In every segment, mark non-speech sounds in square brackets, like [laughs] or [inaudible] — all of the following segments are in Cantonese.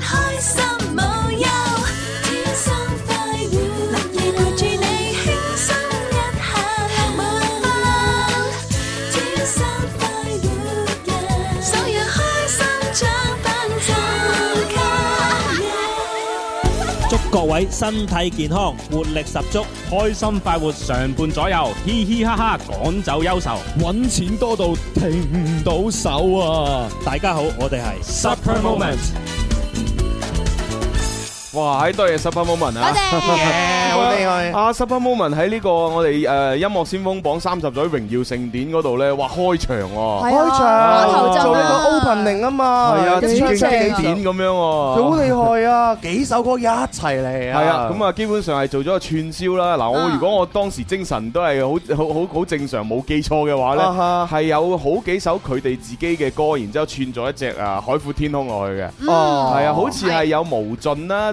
開心無憂，天生快活人，陪住你，輕鬆一刻樂滿天，天生快活人，手讓開心掌板敲，祝各位身體健康，活力十足，開心快活常伴左右，嘻嘻哈哈趕走憂愁，揾錢多到停唔到手啊！大家好，我哋係 Supreme Moment。哇！喺多謝 Supper Moment 啊，多謝好厲害啊！Supper Moment 喺呢個我哋誒音樂先鋒榜三十載榮耀盛典度咧，哇開場喎，開場做呢個 opening 啊嘛，係啊，出咗幾點咁樣？佢好厲害啊，幾首歌一齊嚟啊！係啊，咁啊基本上係做咗個串燒啦。嗱，我如果我當時精神都係好好好好正常，冇記錯嘅話咧，係有好幾首佢哋自己嘅歌，然之後串咗一隻啊海闊天空落去嘅，哦，係啊，好似係有無盡啦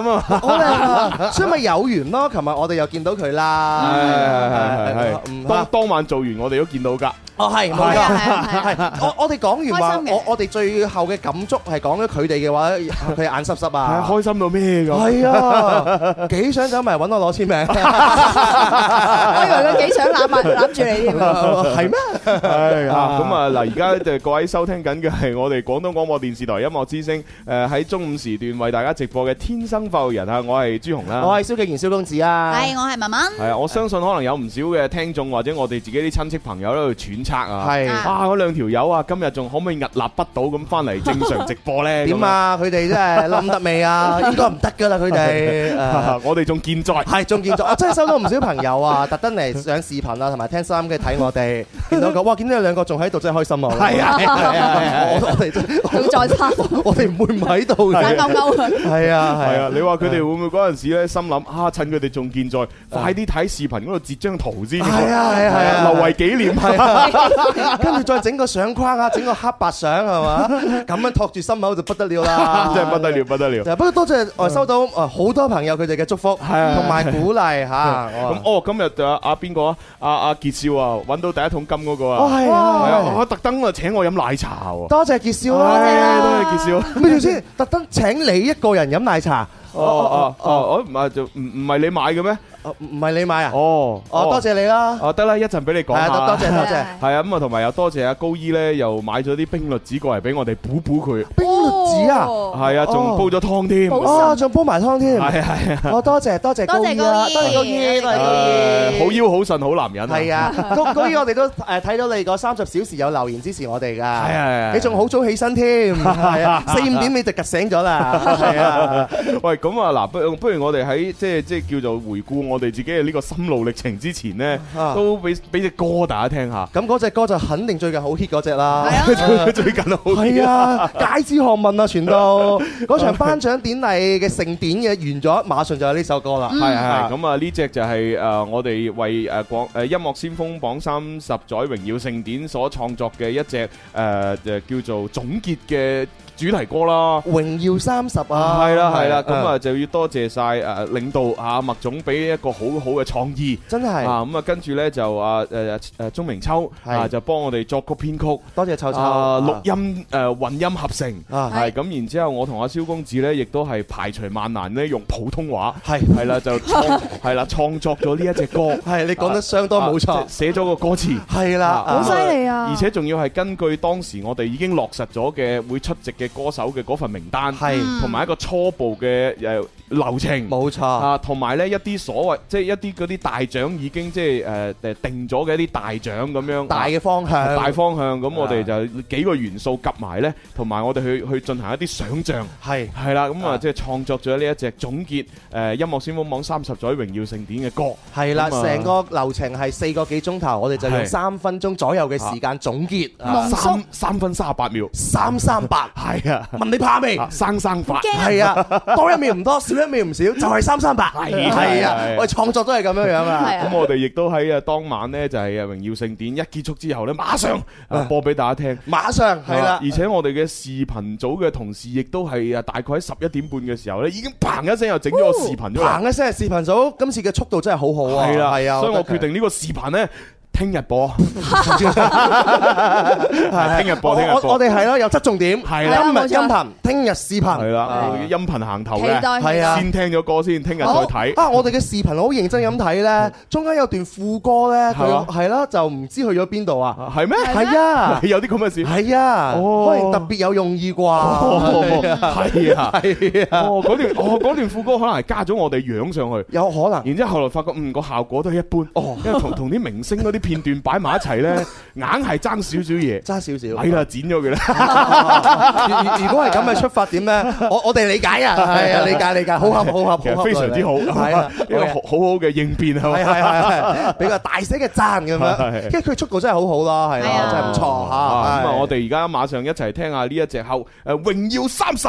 咁啊，所以咪有緣咯。琴日我哋又見到佢啦。係係係係。當當晚做完，我哋都見到㗎。哦，係冇錯。係係。我我哋講完話，我我哋最後嘅感觸係講咗佢哋嘅話，佢眼濕濕啊。係開心到咩㗎？係啊，幾想走埋揾我攞簽名。我以為佢幾想攬埋攬住你添。係咩？啊咁啊！嗱，而家就各位收聽緊嘅係我哋廣東廣播電視台音樂之聲誒喺中午時段為大家直播嘅天生發人啊！我係朱紅啦，我係蕭敬仁蕭公子啊，係我係文文，係啊！我相信可能有唔少嘅聽眾或者我哋自己啲親戚朋友喺度揣測啊，係啊！嗰兩條友啊，今日仲可唔可以屹立不倒咁翻嚟正常直播咧？點啊！佢哋真係冧得未啊？應該唔得噶啦！佢哋，我哋仲健在，係仲健在。我真係收到唔少朋友啊，特登嚟上視頻啊，同埋聽收音機睇我哋，見到個哇！見到你兩個仲喺度真係開心啊！係啊！我哋仲在生，我哋唔會唔喺度，勾勾。係啊！係啊！你話佢哋會唔會嗰陣時咧，心諗啊？趁佢哋仲健在，快啲睇視頻嗰度截張圖先，係啊係啊，留為紀念啊！跟住再整個相框啊，整個黑白相係嘛，咁樣托住心口就不得了啦，真係不得了不得了。不過多謝收到好多朋友佢哋嘅祝福，同埋鼓勵吓。咁哦，今日就阿邊個啊？阿阿杰少啊，揾到第一桶金嗰個啊！哇，我特登啊，請我飲奶茶喎。多謝杰少啊！多謝多謝杰少。咩意思？特登請你一個人飲奶茶。哦哦哦，哦，唔係就唔唔係你買嘅咩？唔唔係你買啊？哦，哦，多謝你啦！哦，得啦，一陣俾你講下。多謝多謝，係啊，咁啊，同埋又多謝阿高姨咧，又買咗啲冰栗子過嚟俾我哋補補佢。冰栗子啊，係啊，仲煲咗湯添。哦，仲煲埋湯添。係係，哦多謝多謝高姨，多謝高姨，好腰好腎好男人。係啊，高高姨我哋都誒睇到你個三十小時有留言支持我哋噶。係係，你仲好早起身添，四五點你就趌醒咗啦。係啊，喂，咁啊嗱，不不如我哋喺即係即係叫做回顧。我哋自己嘅呢個心路歷程之前呢，啊、都俾俾隻歌大家聽下。咁嗰隻歌就肯定最近好 hit 嗰隻啦。啊、 [laughs] [laughs] 最近好 hit，係啊，街知巷聞啊，全都。嗰、啊、場頒獎典禮嘅盛典嘅完咗，馬上就有呢首歌啦。係係。咁啊，呢隻、啊嗯啊、就係、是、誒、呃、我哋為誒廣誒音樂先鋒榜三十載榮耀盛典所創作嘅一隻誒誒叫做總結嘅。結主題歌啦，榮耀三十啊，係啦係啦，咁啊就要多謝晒誒領導啊麥總俾一個好好嘅創意，真係啊，咁啊跟住咧就啊誒誒鍾明秋啊就幫我哋作曲編曲，多謝臭臭錄音誒混音合成，係咁然之後我同阿蕭公子咧亦都係排除萬難咧，用普通話係係啦就創係啦創作咗呢一隻歌，係你講得相當冇錯，寫咗個歌詞係啦，好犀利啊，而且仲要係根據當時我哋已經落實咗嘅會出席嘅。歌手嘅嗰份名單，同埋一個初步嘅誒流程，冇錯啊，同埋咧一啲所謂即係一啲嗰啲大獎已經即係誒誒定咗嘅一啲大獎咁樣大嘅方向，大方向咁我哋就幾個元素夾埋咧，同埋我哋去去進行一啲想像，係係啦，咁啊即係創作咗呢一隻總結誒音樂先鋒網三十載榮耀盛典嘅歌，係啦，成個流程係四個幾鐘頭，我哋就用三分鐘左右嘅時間總結，三三分三十八秒，三三八係。問你怕未？生生發，係啊，多一秒唔多，少一秒唔少，就係三三八。係係啊，我哋創作都係咁樣樣啊。咁我哋亦都喺啊當晚呢，就係啊榮耀盛典一結束之後呢，馬上播俾大家聽。馬上係啦，而且我哋嘅視頻組嘅同事亦都係啊，大概喺十一點半嘅時候呢，已經砰一聲又整咗個視頻。砰一聲，視頻組今次嘅速度真係好好啊。係啊係啊，所以我決定呢個視頻呢。聽日播，聽日播，聽日播，我哋係咯，有側重點，係啦，音音頻，聽日視頻，係啦，音頻行頭咧，係啊，先聽咗歌先，聽日再睇。啊，我哋嘅視頻好認真咁睇咧，中間有段副歌咧，佢係啦，就唔知去咗邊度啊？係咩？係啊，有啲咁嘅事。係啊，哦，特別有用意啩？係啊，係啊，嗰段，哦，嗰段副歌可能係加咗我哋樣上去，有可能。然之後後來發覺，嗯，個效果都係一般，哦，因為同同啲明星嗰啲。片段擺埋一齊咧，硬係爭少少嘢，爭少少，係啦，剪咗佢啦。如果係咁嘅出發點咧，我我哋理解啊，係啊，理解理解，好合好合好合，非常之好，一個好好嘅應變係嘛，係啊，俾個大聲嘅讚咁樣，因為佢速度真係好好啦，係啊，真係唔錯吓。咁啊，我哋而家馬上一齊聽下呢一隻後誒榮耀三十。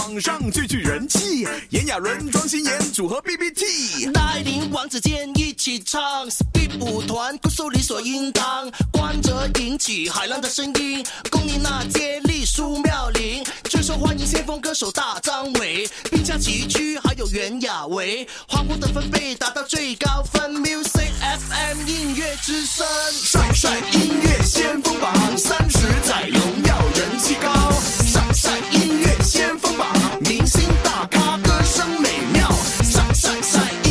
上最具人氣，炎亞綸、莊心妍組合 B B T，帶領王子健一起唱，Speed 舞團歌手理所應當，光澤引起海浪的聲音，龔琳娜接力蘇妙玲，最受歡迎先鋒歌手大張偉，並駕齊驅，還有袁婭維，歡呼的分貝達到最高分，Music F M 音樂之聲，帥帥音樂先鋒榜，三十載榮耀人氣高，帥帥音樂先鋒榜。明星大咖，歌聲美妙，帥帥帥。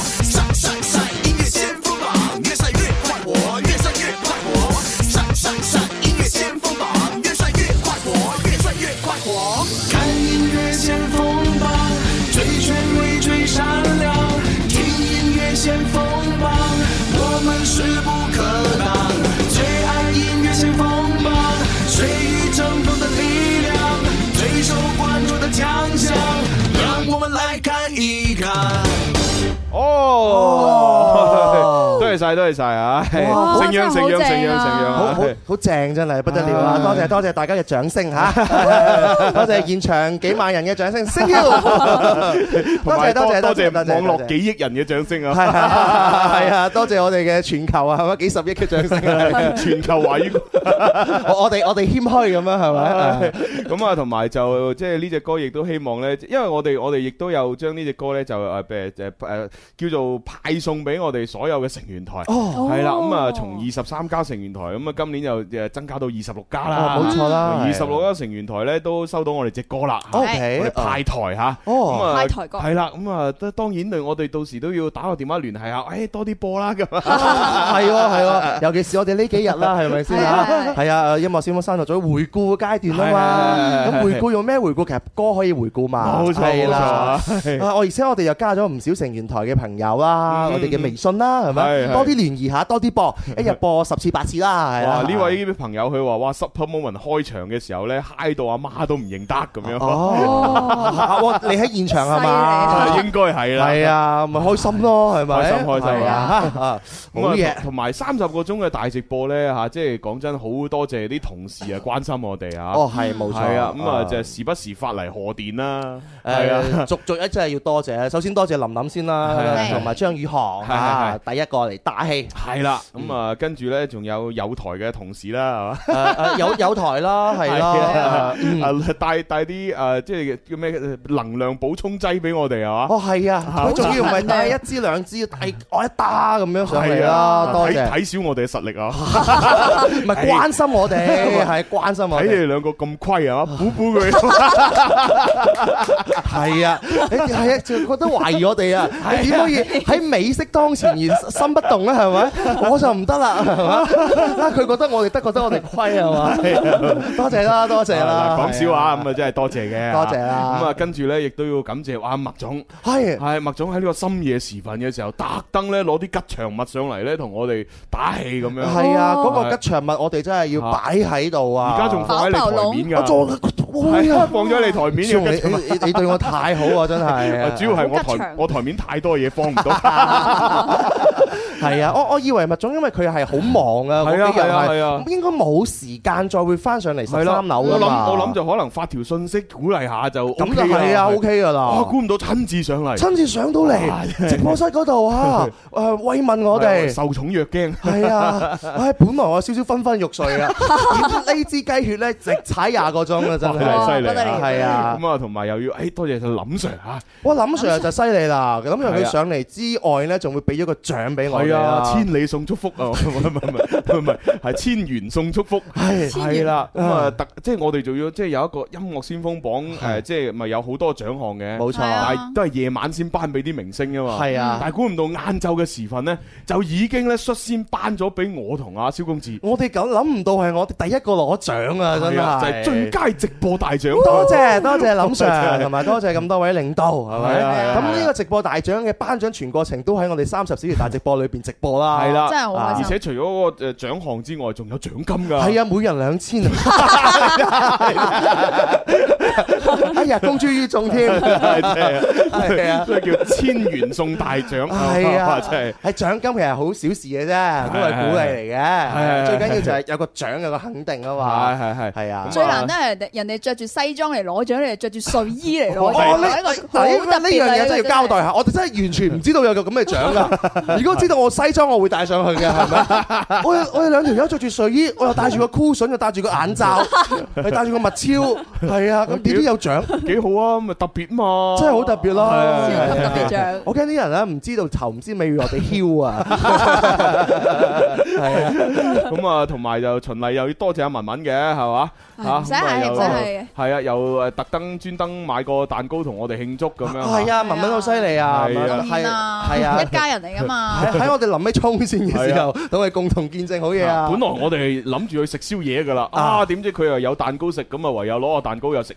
哦。對，對，對。多謝晒，多謝晒吓，成樣成樣成樣成樣，好，好正真係不得了啊！多謝多謝大家嘅掌聲吓，多謝現場幾萬人嘅掌聲，thank you，多謝多謝多謝網絡幾億人嘅掌聲啊，係啊，係啊，多謝我哋嘅全球啊，係咪，幾十億嘅掌聲啊，全球位，我我哋我哋謙虛咁樣係咪，咁啊，同埋就即係呢隻歌亦都希望咧，因為我哋我哋亦都有將呢隻歌咧就誒誒誒叫做派送俾我哋所有嘅成員。台，係啦，咁啊，從二十三家成員台，咁啊，今年又增加到二十六家啦，冇錯啦，二十六家成員台咧，都收到我哋隻歌啦，OK，派台吓，派台吓，係啦，咁啊，當然對我哋到時都要打個電話聯繫下，誒，多啲播啦，咁係喎係喎，尤其是我哋呢幾日啦，係咪先？係啊，音樂先鋒賽後咗回顧嘅階段啦嘛，咁回顧用咩回顧？其實歌可以回顧嘛，冇錯啦，啊，我而且我哋又加咗唔少成員台嘅朋友啦，我哋嘅微信啦，係咪？多啲聯誼下，多啲播，一日播十次八次啦，係啊。呢位呢位朋友佢話：哇，Super Moment 開場嘅時候咧，嗨到阿媽都唔認得咁樣。你喺現場係嘛？應該係啦。係啊，咪開心咯，係咪？開心開心啊！冇乜嘢。同埋三十個鐘嘅大直播咧嚇，即係講真，好多謝啲同事啊關心我哋嚇。哦，係冇錯。啊，咁啊就時不時發嚟賀電啦。係啊，逐逐一真係要多謝。首先多謝林林先啦，同埋張宇航嚇，第一個嚟。大氣係啦，咁啊，跟住咧仲有有台嘅同事啦，係嘛，有有台啦，係啦，帶帶啲啊，即係叫咩能量補充劑俾我哋啊，哇！哦，係啊，佢仲要唔係帶一支兩支，帶我一打咁樣上嚟啦，睇睇少我哋嘅實力啊，唔係關心我哋，係關心我哋。睇你哋兩個咁虧啊，補補佢。係啊，係啊，就覺得懷疑我哋啊，點可以喺美色當前而心不動咧，係咪？我就唔得啦，係嘛？佢覺得我哋得，覺得我哋虧係嘛？多謝啦，多謝啦！講笑話咁啊，真係多謝嘅，多謝啦！咁啊，跟住咧，亦都要感謝哇，麥總係係麥總喺呢個深夜時分嘅時候，特登咧攞啲吉祥物上嚟咧，同我哋打氣咁樣。係啊，嗰個吉祥物我哋真係要擺喺度啊！而家仲放喺你台面噶，係啊，放咗你台面。你你你對我太好啊！真係主要係我台我台面太多嘢放唔到。係啊，我我以為麥總，因為佢係好忙啊，嗰啲人啊，應該冇時間再會翻上嚟十三樓噶嘛。我諗我諗就可能發條信息鼓勵下就。咁就係啊，OK 噶啦。估唔到親自上嚟，親自上到嚟直播室嗰度啊，慰問我哋，受寵若驚。係啊，唉，本來我少少昏昏欲睡啊，點知呢支雞血咧，直踩廿個鐘啊，真係犀利，係啊。咁啊，同埋又要，唉，多謝林 Sir 嚇。哇，林 Sir 就犀利啦，林 Sir 佢上嚟之外咧，仲會俾咗個獎俾我。千里送祝福啊！唔唔唔係千元送祝福，係係啦。咁啊，特，即係我哋仲要，即係有一個音樂先鋒榜誒，即係咪有好多獎項嘅？冇錯，但係都係夜晚先頒俾啲明星噶嘛。係啊，但係估唔到晏晝嘅時分呢，就已經咧率先頒咗俾我同阿蕭公子。我哋咁諗唔到係我哋第一個攞獎啊！真係最佳直播大獎，多謝多謝林 Sir，同埋多謝咁多位領導，係咪？咁呢個直播大獎嘅頒獎全過程都喺我哋三十小時大直播裏邊。直播啦，係啦了，真係而且除咗個個誒獎項之外，仲有獎金噶係啊，每人兩千啊。 [laughs] [laughs] [laughs] 哎呀，公諸於眾添，係啊，所以叫千元送大獎，係啊，真係獎金其實好小事嘅啫，都係鼓勵嚟嘅。係最緊要就係有個獎，有個肯定啊嘛，係係係係啊。最難得人哋人哋着住西裝嚟攞獎，你又着住睡衣嚟攞，我呢呢樣嘢真係要交代下，我哋真係完全唔知道有個咁嘅獎噶。如果知道我西裝，我會戴上去嘅，係咪？我我有兩條友着住睡衣，我又戴住個箍筍，又戴住個眼罩，係戴住個墨超，係啊。咁點都有獎？幾好啊！咪特別嘛，真係好特別啦！超級特別獎。我驚啲人咧唔知道頭先未預我哋囂啊！係啊，咁啊，同埋就循例又要多謝阿文文嘅係嘛？啊，真係真係係啊！又誒特登專登買個蛋糕同我哋慶祝咁樣。係啊，文文好犀利啊！係啊，係啊，一家人嚟噶嘛！喺我哋臨尾衝線嘅時候，等佢共同見證好嘢啊！本來我哋諗住去食宵夜㗎啦，啊點知佢又有蛋糕食，咁啊唯有攞個蛋糕又食。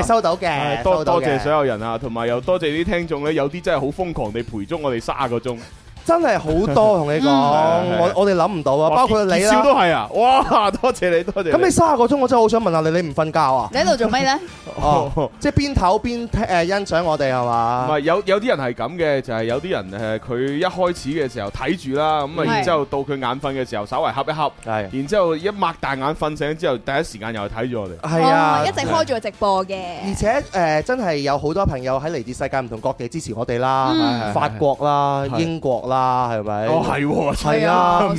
係收到嘅，多多謝所有人啊，同埋又多謝啲聽眾咧，有啲真係好瘋狂地陪足我哋三個鐘。 [laughs] 真係好多同你講，我我哋諗唔到啊！包括你啦，笑都係啊！哇，多謝你，多謝。咁你卅個鐘，我真係好想問下你，你唔瞓覺啊？你喺度做咩呢？即係邊唞邊欣賞我哋係嘛？唔係有有啲人係咁嘅，就係有啲人佢一開始嘅時候睇住啦，咁啊然之後到佢眼瞓嘅時候，稍微恰一恰，然之後一擘大眼瞓醒之後，第一時間又係睇住我哋。係啊，一直開住個直播嘅。而且誒真係有好多朋友喺嚟自世界唔同國嘅支持我哋啦，法國啦、英國啦，係咪？哦，係喎，係啊，唔講唔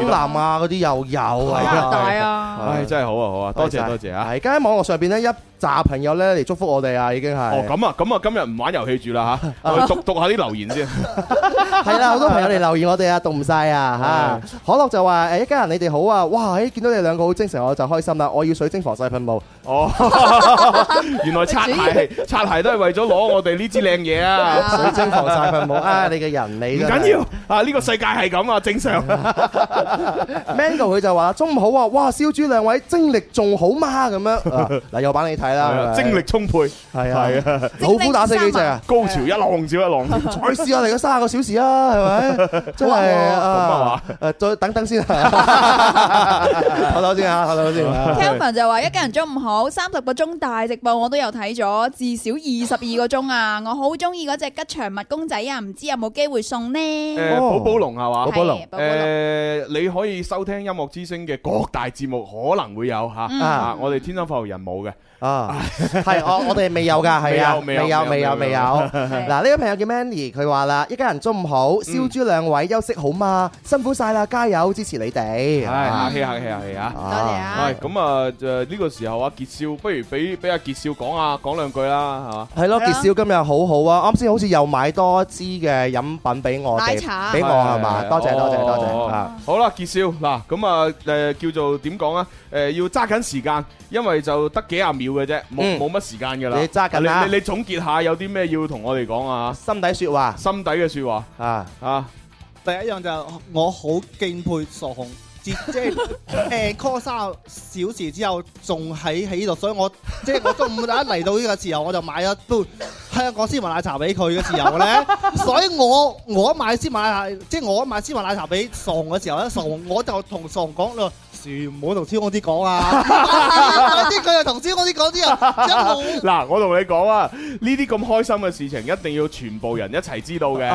幾南啊，嗰啲又有，啊，大啊！唉，真係好啊，好啊，多謝多謝啊！係，而家喺網絡上邊咧一。查朋友咧嚟祝福我哋啊，已經係哦咁啊，咁啊，今日唔玩遊戲住啦吓，我哋讀讀下啲留言先。係啦，好多朋友嚟留言我哋啊，讀唔晒啊吓，可樂就話：誒一家人你哋好啊，哇！見到你哋兩個好精神，我就開心啦。我要水晶防曬噴霧。哦，原來擦鞋擦鞋都係為咗攞我哋呢支靚嘢啊！水晶防曬噴霧啊，你嘅人你。唔緊要啊。呢個世界係咁啊，正常。Mango 佢就話：中午好啊，哇！小豬兩位精力仲好嗎？咁樣嗱，右版你睇。係啊，精力充沛，係啊，老虎打死幾隻啊！高潮一浪接一浪，再試我哋嘅三個小時啊，係咪？真係咁啊！誒，再等等先啊！Hello 先啊，Hello 先。Kevin 就話一家人中午好，三十個鐘大直播我都有睇咗，至少二十二個鐘啊！我好中意嗰隻吉祥物公仔啊，唔知有冇機會送呢？寶寶龍係嘛？寶寶龍，寶寶龍。誒，你可以收聽音樂之聲嘅各大節目，可能會有吓。我哋天生快活人冇嘅啊。係我我哋未有噶，係啊，未有未有未有。嗱，呢位朋友叫 Manny，佢話啦，一家人中午好，燒豬兩位休息好嗎？辛苦晒啦，加油支持你哋。係，客氣客氣客氣，多謝啊。係咁啊，就呢個時候啊，杰少，不如俾俾阿杰少講啊，講兩句啦，係嘛？係咯，杰少今日好好啊，啱先好似又買多支嘅飲品俾我，奶茶，俾我係嘛？多謝多謝多謝。好啦，杰少嗱，咁啊誒，叫做點講啊？誒，要揸緊時間，因為就得幾廿秒嘅啫。冇冇乜時間噶啦，你揸緊啦！你總結下有啲咩要同我哋講啊？心底話，心底說話，心底嘅說話啊啊！啊第一樣就係，我好敬佩傻紅，即即係 call 三小時之後仲喺喺度，所以我即係我中午一嚟到呢個時候，我就買咗杯香港絲襪奶茶俾佢嘅時候咧，所以我我買先買下，即係我買絲襪奶茶俾傻紅嘅時候咧，傻紅我就同傻紅講咯。唔好同消防啲講啊！啲佢又同消防啲講啲又。嗱，我同你講啊，呢啲咁開心嘅事情一定要全部人一齊知道嘅。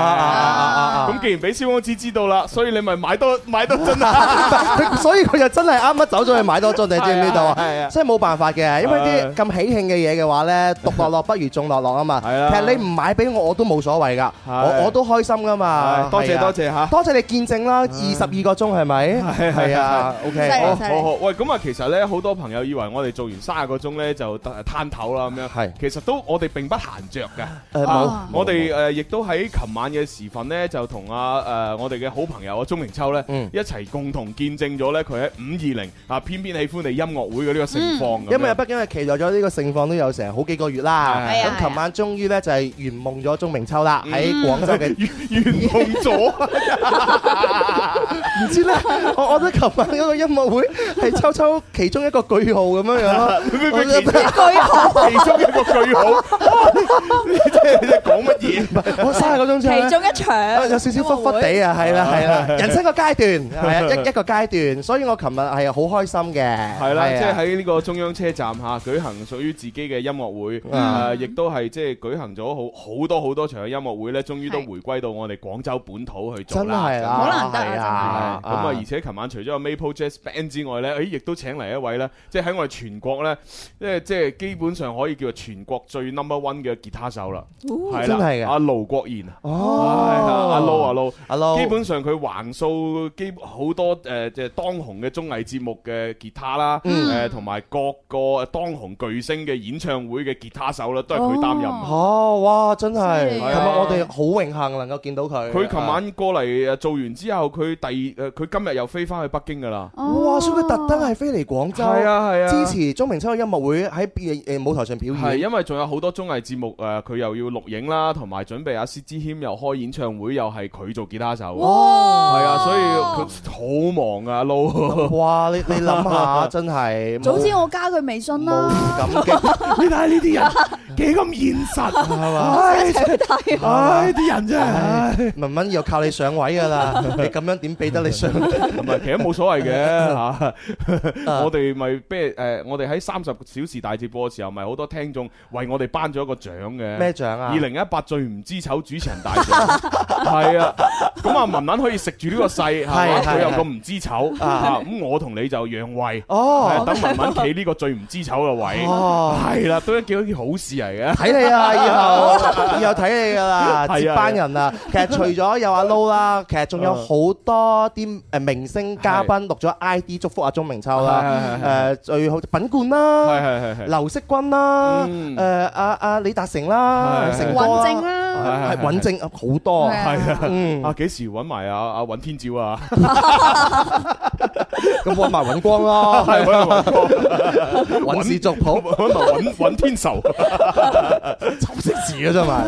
咁既然俾消防啲知道啦，所以你咪買多買多樽啊！所以佢就真係啱啱走咗去買多樽，你知唔知道啊？所以冇辦法嘅，因為啲咁喜慶嘅嘢嘅話咧，獨樂樂不如眾樂樂啊嘛。其實你唔買俾我，我都冇所謂噶，我我都開心噶嘛。多謝多謝吓，多謝你見證啦，二十二個鐘係咪？係係啊，OK。好好，喂，咁啊，其實咧，好多朋友以為我哋做完卅個鐘咧，就得攤頭啦，咁樣，係，其實都我哋並不閒著嘅，我哋誒亦都喺琴晚嘅時分咧，就同啊誒我哋嘅好朋友啊鍾明秋咧，一齊共同見證咗咧佢喺五二零啊，偏偏喜歡你音樂會嘅呢個盛況，因為畢竟係期待咗呢個盛況都有成好幾個月啦，咁琴晚終於咧就係圓夢咗鍾明秋啦，喺廣州嘅圓圓夢咗，唔知咧，我我覺得琴晚嗰個音樂。會係抽抽其中一個句號咁樣樣，其中一個句號，其中一個句號，即係講乜嘢？我三個鐘頭，其中一場有少少忽忽地啊，係啦係啦，人生個階段係啊一一個階段，所以我琴日係好開心嘅，係啦，即係喺呢個中央車站吓舉行屬於自己嘅音樂會，誒亦都係即係舉行咗好好多好多場嘅音樂會咧，終於都回歸到我哋廣州本土去做真係啦，好難得啊！咁啊，而且琴晚除咗有 Maple Jazz。之外咧，誒，亦都請嚟一位咧，即係喺我哋全國咧，即係即係基本上可以叫做全國最 number one 嘅吉他手啦。係啦，阿盧國賢。哦，阿阿基本上佢橫掃基好多誒，即係當紅嘅綜藝節目嘅吉他啦，誒，同埋各個當紅巨星嘅演唱會嘅吉他手啦，都係佢擔任。哦，哇，真係，琴日我哋好榮幸能夠見到佢。佢琴晚過嚟做完之後，佢第二誒，佢今日又飛翻去北京㗎啦。哇！所以佢特登係飛嚟廣州，係啊係啊，支持鐘明秋嘅音樂會喺舞台上表演。係因為仲有好多綜藝節目誒，佢又要錄影啦，同埋準備阿薛之謙又開演唱會，又係佢做吉他手。哇！係啊，所以佢好忙啊，阿嬲。哇！你你諗下，真係。早知我加佢微信啦。咁激！你睇下呢啲人幾咁現實係嘛？唉！呢啲人真係。文文又靠你上位㗎啦！你咁樣點俾得你上？唔係，其實冇所謂嘅。我哋咪咩？誒，我哋喺三十小時大直播嘅時候，咪好多聽眾為我哋頒咗一個獎嘅。咩獎啊？二零一八最唔知醜主持人大獎。係啊，咁啊文文可以食住呢個勢，佢又咁唔知醜。咁我同你就讓位，哦，等文文企呢個最唔知醜嘅位。哦，係啦，都係幾多件好事嚟嘅。睇你啊，以後以後睇你噶啦，接班人啊。其實除咗有阿撈啦，其實仲有好多啲誒明星嘉賓錄咗啲祝福啊，鍾明秋啦，誒最好品冠啦，劉惜君啦，誒阿阿李達成啦，成哥，尹正啦，穩正好多，係啊，啊幾時揾埋阿阿尹天照啊？咁揾埋尹光啦，係啊，尹氏族譜，尹埋尹尹天仇，就識字嘅啫嘛，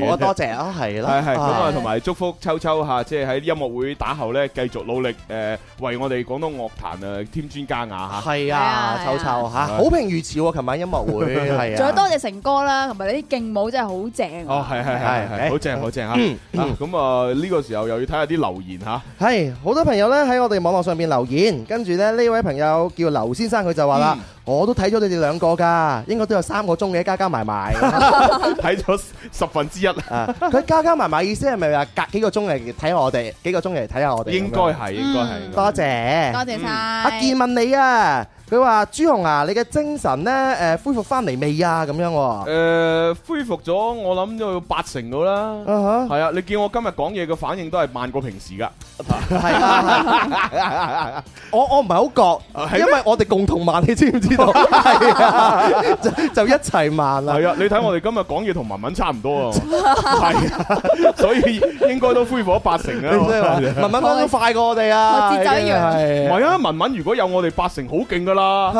好啊，多謝啊，係咯，係係咁啊，同埋祝福秋秋吓，即係喺音樂會打後咧，繼續努力誒，為我哋廣東樂壇啊添磚加瓦吓，係啊，秋秋吓，好評如潮啊，琴晚音樂會，係啊，仲有多謝成哥啦，同埋啲勁舞真係好正，哦，係係係，好正好正吓，嗱，咁啊呢個時候又要睇下啲留言吓，係，好多朋友咧喺我哋網絡上面留言。跟住咧，呢位朋友叫劉先生，佢就話啦。我都睇咗你哋兩個㗎，應該都有三個鐘嘅加加埋埋，睇咗十分之一啊！佢，加加埋埋意思係咪話隔幾個鐘嚟睇下我哋幾個鐘嚟睇下我哋？應該係，應該係。多謝，多謝晒。阿健問你啊，佢話朱紅啊，你嘅精神咧誒恢復翻嚟未啊？咁樣喎。誒恢復咗，我諗都要八成到啦。啊哈！係啊，你見我今日講嘢嘅反應都係慢過平時㗎。係啊，我我唔係好覺，因為我哋共同慢，你知唔知？係啊，就就一齊慢啦。係啊，你睇我哋今日講嘢同文文差唔多啊。係啊，所以應該都恢復咗八成啊。文文方都快過我哋啊，節奏一樣。係咪啊？文文如果有我哋八成，好勁噶啦。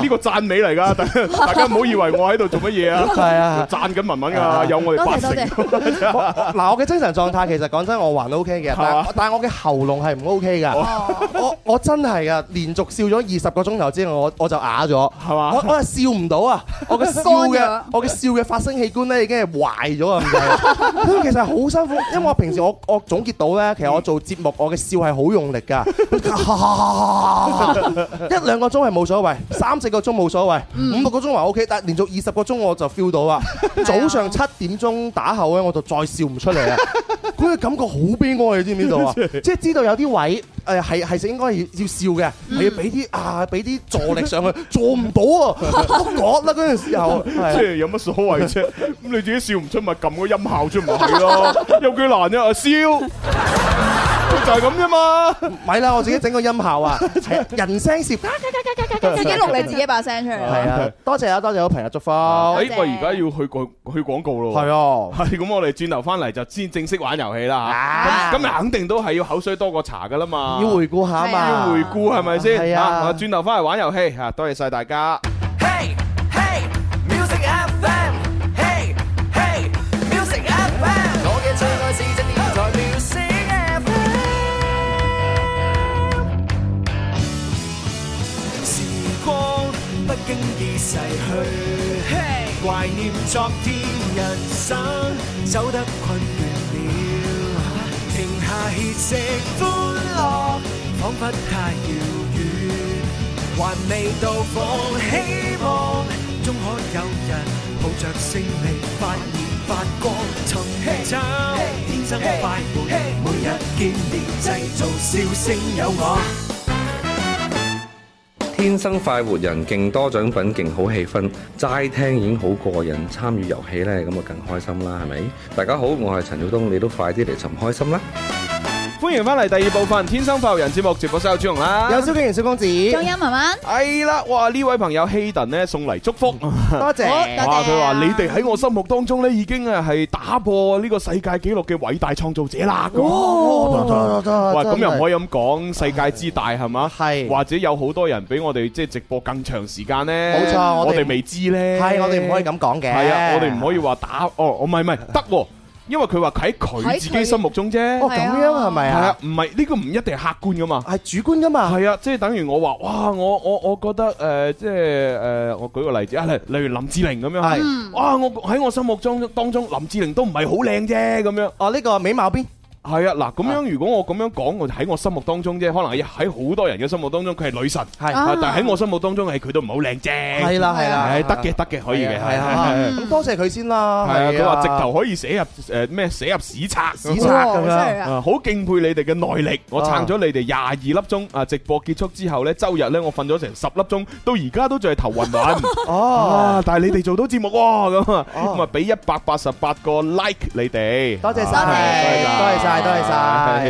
呢個讚美嚟噶，大家大家唔好以為我喺度做乜嘢啊。係啊，讚緊文文噶，有我哋八成。多謝多謝。嗱，我嘅精神狀態其實講真我還 ok 嘅，但係我嘅喉嚨係唔 ok 噶。我我真係啊，連續笑咗二十個鐘頭之後，我我就牙。打咗係嘛？我我係笑唔到啊！我嘅笑嘅 [laughs] 我嘅笑嘅發聲器官咧，已經係壞咗啊！咁 [laughs] 其實好辛苦，因為我平時我我總結到咧，其實我做節目我嘅笑係好用力噶， [laughs] [laughs] 一兩個鐘係冇所謂，三四個鐘冇所謂， [laughs] 五個鐘還 OK，但係連續二十個鐘我就 feel 到啦。 [laughs] 早上七點鐘打後咧，我就再笑唔出嚟啦。 [laughs] 佢個感覺好悲哀，你知唔知道啊？即係是知道有啲位誒係係應該要要笑嘅，係要俾啲啊俾啲助力上去，做唔到啊！我講啦，嗰陣時候即係有乜所謂啫？咁 [laughs] 你自己笑唔出，咪撳個音效出唔埋咯， [laughs] 有幾難啫、啊？阿、啊、蕭。 [laughs] 就係咁啫嘛！咪啦、啊 [laughs] 啊，我自己整個音效啊，人聲攝，自己錄你自己把聲出嚟。係啊，啊，多謝啊，多謝好朋友，祝、啊、福。誒謝、欸，我而家要去廣去廣告咯。係啊，係咁、啊，我哋轉頭翻嚟就先正式玩遊戲啦嚇。咁今日肯定都係要口水多過茶噶啦嘛。 [laughs] 要回顧下嘛。啊、要回顧係咪先？啊，轉頭翻嚟玩遊戲嚇，多謝晒大家。逝去，懷念昨天，人生走得困倦了，停下歇息，歡樂彷彿太遙遠，還未到訪，希望終可有人抱着勝利發現發光，尋找天生快活，每日鍛鍊製造笑聲有我。天生快活人，勁多獎品，勁好氣氛，齋聽已經好過癮，參與遊戲咧咁啊更開心啦，係咪？大家好，我係陳曉東，你都快啲嚟尋開心啦！歡迎翻嚟第二部分《天生快活人》節目直播室，朱紅啦，有蕭敬仁、小公子、張欣文文。係啦，哇！呢位朋友希頓咧，送嚟祝福，多謝。哇！佢話你哋喺我心目當中咧，已經啊係打破呢個世界紀錄嘅偉大創造者啦。哇！哇！咁又唔可以咁講，世界之大係嘛？係。或者有好多人比我哋即係直播更長時間咧？冇錯，我哋未知咧。係我哋唔可以咁講嘅。係啊，我哋唔可以話打哦，我唔係唔係得。因為佢話喺佢自己心目中啫他，哦咁樣係咪啊？係啊，唔係呢個唔一定係客觀噶嘛，係主觀噶嘛。係啊，即係等於我話，哇，我我我覺得誒、呃，即係誒、呃，我舉個例子，啊、例如林志玲咁樣，係，是 嗯、哇，我喺我心目中當中林志玲都唔係好靚啫，咁樣哦，呢、這個沒毛病。係啊，嗱咁樣，如果我咁樣講，我就喺我心目當中啫，可能喺好多人嘅心目當中佢係女神，係啊，但喺我心目當中係佢都唔好靚啫。係啦係啦，係得嘅得嘅，可以嘅，係啊係啊。咁多謝佢先啦。係啊，佢話直頭可以寫入誒咩寫入史冊史冊咁樣啊，好敬佩你哋嘅耐力。我撐咗你哋廿二粒鐘啊，直播結束之後咧，周日咧我瞓咗成十粒鐘，到而家都仲係頭暈暈啊！但係你哋做到節目喎咁啊，咁啊俾一百八十八個 like 你哋，多謝晒，多謝晒。多謝晒，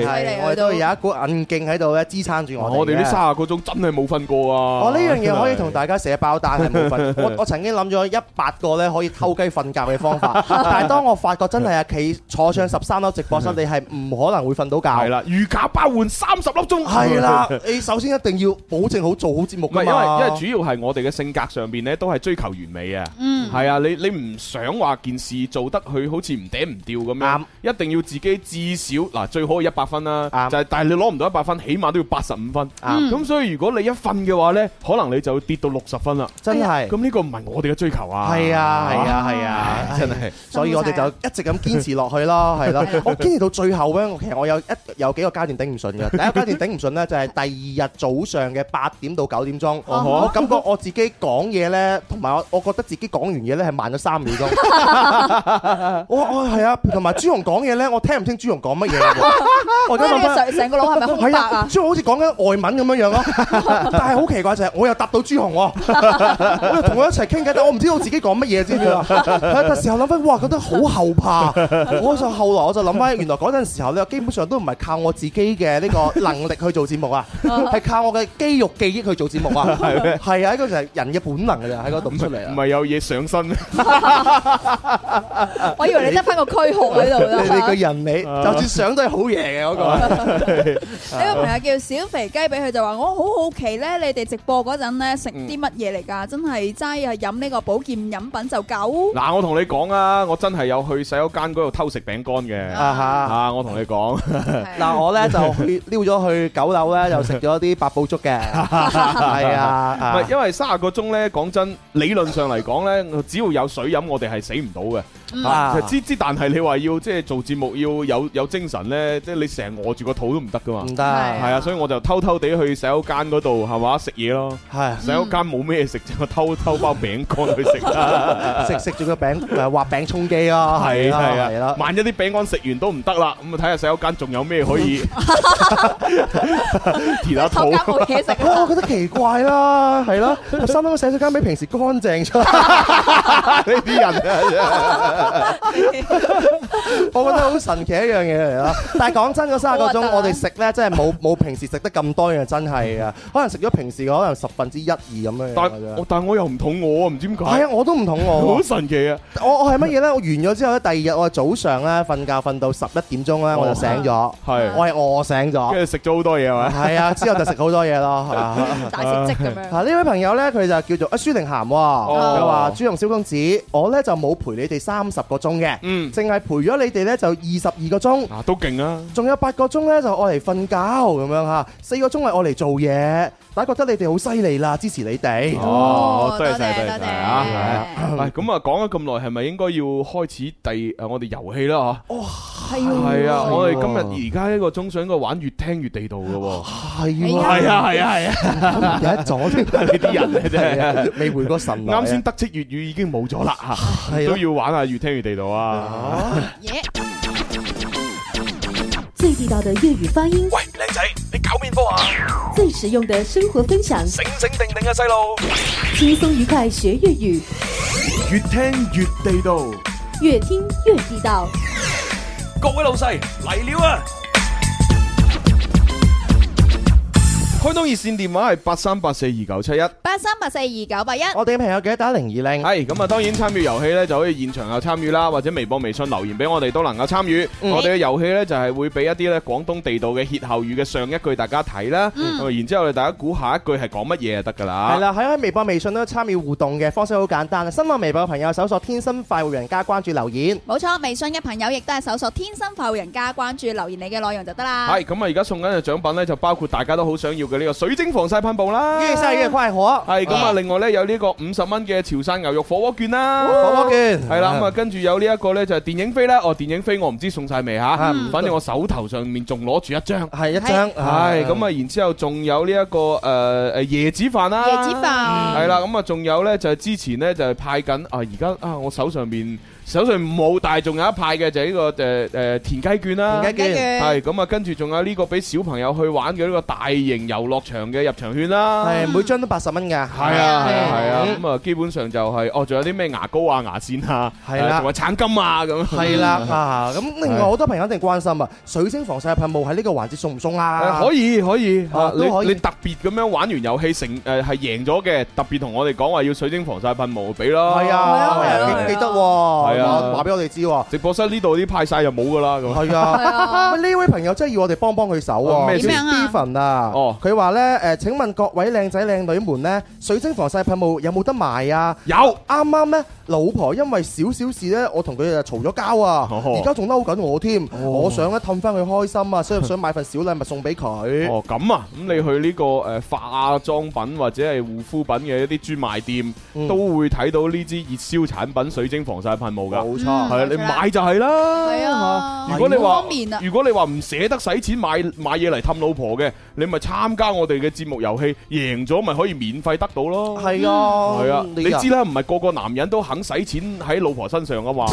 係我哋都有一股韌勁喺度咧，支撐住我。我哋呢三十個鐘真係冇瞓過啊！我呢樣嘢可以同大家寫包單係冇瞓。我我曾經諗咗一百個咧，可以偷雞瞓覺嘅方法，但係當我發覺真係啊，企坐上十三粒直播室，你係唔可能會瞓到覺啦。如假包換三十粒鐘，係啦，你首先一定要保證好做好節目。唔係因為因為主要係我哋嘅性格上邊咧，都係追求完美啊。嗯，係啊，你你唔想話件事做得去好似唔頂唔掉咁樣，一定要自己至少。嗱，最好一百分啦，就係但係你攞唔到一百分，起碼都要八十五分。咁所以如果你一瞓嘅話咧，可能你就會跌到六十分啦。真係，咁呢個唔係我哋嘅追求啊。係啊，係啊，係啊，真係。所以我哋就一直咁堅持落去咯，係咯。我堅持到最後咧，其實我有一有幾個階段頂唔順嘅。第一個階段頂唔順咧，就係第二日早上嘅八點到九點鐘，我感覺我自己講嘢咧，同埋我我覺得自己講完嘢咧係慢咗三秒鐘。我我係啊，同埋朱紅講嘢咧，我聽唔清朱紅講乜。我覺得成個腦係咪空白啊？所以好似講緊外文咁樣樣咯。但係好奇怪就係，我又答到朱紅，同佢一齊傾偈。但我唔知我自己講乜嘢，知唔知啊？但時候諗翻，哇，覺得好後怕。我就後來我就諗翻，原來嗰陣時候咧，基本上都唔係靠我自己嘅呢個能力去做節目啊，係靠我嘅肌肉記憶去做節目啊。係啊，喺嗰時係人嘅本能嘅咋，喺嗰度出嚟。唔係有嘢上身。我以為你得翻個軀殼喺度。你個人嚟。相都係好嘢嘅嗰個，呢個朋友叫小肥雞，俾佢就話：我好好奇呢，你哋直播嗰陣呢食啲乜嘢嚟㗎？真係齋啊！飲呢個保健飲品就夠。嗱、嗯，我同你講啊，哈 啊，我真係有去洗手間嗰度偷食餅乾嘅啊嚇我同你講，嗱、嗯、我呢就去溜咗去九樓呢，就食咗啲八寶粥嘅，係啊，哈 啊。啊啊因為三十個鐘呢，講真理論上嚟講呢，只要有水飲我，我哋係死唔到嘅。啊！之之， [music] 但係你話要即係做節目要有有精神咧，即係你成日餓住個肚都唔得噶嘛。唔得係啊，所以我就偷偷地去洗手間嗰度係嘛食嘢咯。係洗手間冇咩食，就偷偷包餅乾去食食食住個餅，誒，畫餅充飢咯。係係啦，萬一啲餅乾食完都唔得啦，咁啊睇下洗手間仲有咩可以填下肚。冇嘢食。我覺得奇怪啦，係咯、啊，心諗洗手間比平時乾淨咗。呢 [noise] 啲樂 [music] 人剛剛 [laughs] 我覺得好神奇一樣嘢嚟啦。但係講真，嗰三個鐘我哋食咧，真係冇冇平時食得咁多嘅，真係噶，可能食咗平時嘅可能十分之一二咁樣。但係我但係我又唔肚餓啊，唔知點解。係啊，我都唔肚餓。好神奇啊！我我係乜嘢咧？我完咗之後咧，第二日我早上咧瞓覺瞓到十一點鐘咧，我就醒咗。係，我係餓醒咗。跟住食咗好多嘢嘛。係啊，之後就食好多嘢咯。大食積咁樣。啊，呢位朋友咧，佢就叫做阿朱凌咸，佢話朱龍小公子，我咧就冇陪你哋三。三十個鐘嘅，嗯，淨係陪咗你哋咧就二十二個鐘，啊，都勁啊！仲有八個鐘呢，就愛嚟瞓覺咁樣吓，四個鐘係愛嚟做嘢。大家覺得你哋好犀利啦，支持你哋。哦，多謝晒，多謝晒啊！喂，咁啊，講咗咁耐，係咪應該要開始第誒我哋遊戲啦？嚇！哇，係啊！我哋今日而家一個鐘想個玩越聽越地道嘅喎，係啊，係啊，係啊，有一組呢啲人咧，真係未回過神。啱先得戚粵語已經冇咗啦，嚇都要玩下越聽越地道啊！地道的粵語發音。喂，靚仔，你搞面科啊？最實用的生活分享。醒醒定定嘅細路，輕鬆愉快學粵語，越聽越地道，越聽越地道。愈聽愈地道 [laughs] 各位老細，嚟了啊！開通熱線電話係八三八四二九七一，八三八四二九八一。我哋嘅朋友記得打零二零。係咁啊，當然參與遊戲咧就可以現場有參與啦，或者微博、微信留言俾我哋都能夠參與。嗯、我哋嘅遊戲咧就係會俾一啲咧廣東地道嘅歇後語嘅上一句，大家睇啦，嗯、然之後，後大家估下一句係講乜嘢就得噶啦。係啦，喺微博、微信都參與互動嘅方式好簡單，新浪微博嘅朋友搜索天生快活人家，關注留言。冇錯，微信嘅朋友亦都係搜索天生快活人家，關注留言你嘅內容就得啦。係咁啊，而家送緊嘅獎品咧就包括大家都好想要嘅。呢個水晶防曬噴霧啦，越曬越快活。係咁い啊，另外呢，有呢個五十蚊嘅潮汕牛肉火鍋券啦，火鍋券，係啦，咁啊跟住有呢一個呢，就係、是、電影飛啦。哦，電影飛我唔知送晒未吓，反正、嗯啊、我手頭上面仲攞住一張，係一張。係咁啊，い然之後仲有呢、這、一個誒椰子飯啦，椰子飯係啦，咁啊仲有呢，就係之前呢，就係派緊啊，而家啊我手上面。手上冇，大，仲有一派嘅就係呢個誒誒田雞券啦，田雞券，係咁啊，跟住仲有呢個俾小朋友去玩嘅呢個大型遊樂場嘅入場券啦，係每張都八十蚊嘅，係啊係啊係啊。咁啊，基本上就係哦，仲有啲咩牙膏啊、牙線啊，係啊，同埋橙金啊咁，係啦啊咁，另外好多朋友一定關心啊，水晶防曬噴霧喺呢個環節送唔送啊？可以可以，你你特別咁樣玩完遊戲成誒係贏咗嘅，特別同我哋講話要水晶防曬噴霧俾咯，係啊，記得喎。話俾、啊、我哋知，直播室呢度啲派晒就冇噶啦，係啊，呢 [laughs] 位朋友真係要我哋幫幫佢手啊！咩 Steven 啊，哦，佢話呢，誒、呃，請問各位靚仔靚女們呢，水晶防曬噴霧有冇得賣啊？有，啱啱，哦、呢，老婆因為少少事呢，我同佢啊嘈咗交啊，而家仲嬲緊我添，哦，我想咧氹翻佢開心啊，所以想買份小禮物送俾佢。哦，咁啊，咁你去呢個誒化妝品或者係護膚品嘅一啲專賣店，嗯，都會睇到呢支熱銷產品水晶防曬噴霧。冇錯，係啊！你買就係啦。係啊，如果你話如果你話唔捨得使錢買買嘢嚟氹老婆嘅，你咪參加我哋嘅節目遊戲，贏咗咪可以免費得到咯。係啊，係啊，你知啦，唔係個個男人都肯使錢喺老婆身上啊嘛。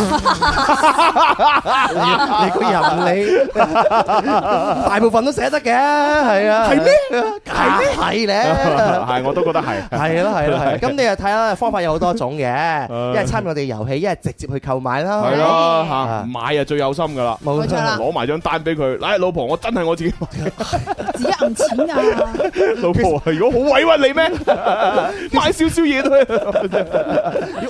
你居然你，大部分都捨得嘅，係啊。係咩？係咩？係咧。係我都覺得係。係咯，係咯，係。咁你又睇下方法有好多種嘅，一係參我哋遊戲，一係直接去。購買啦，係咯吓，買啊最有心噶啦，攞埋張單俾佢，哎，老婆，我真係我自己買，自己銀錢啊，老婆如果好委屈你咩？買少少嘢都。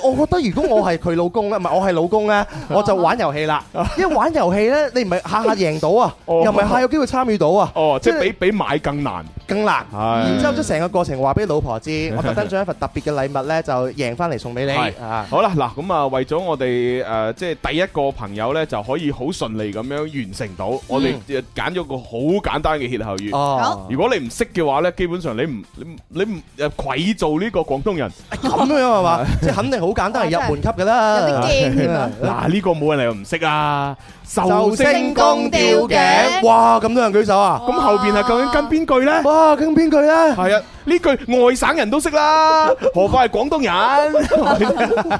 我覺得如果我係佢老公咧，唔係我係老公咧，我就玩遊戲啦，因為玩遊戲咧，你唔係下下贏到啊，又唔係下有機會參與到啊，哦，即係比比買更難，更難，然之後將成個過程話俾老婆知，我特登將一份特別嘅禮物咧，就贏翻嚟送俾你，係，好啦，嗱，咁啊為咗我哋。誒、呃，即係第一個朋友呢，就可以好順利咁樣完成到。嗯、我哋揀咗個好簡單嘅歇後語。哦，如果你唔識嘅話呢，基本上你唔你唔誒，愧做呢個廣東人。咁 [laughs] 樣係嘛， [laughs] 即係肯定好簡單，係 [laughs] 入門級噶啦。有啲驚 [laughs] 啊！嗱，呢個冇人又唔識啊！壽星公吊頸，哇！咁多人舉手啊！咁哇後邊係究竟跟邊句咧？哇！跟邊句咧？係啊！呢句外省人都識啦，何況係廣東人，哇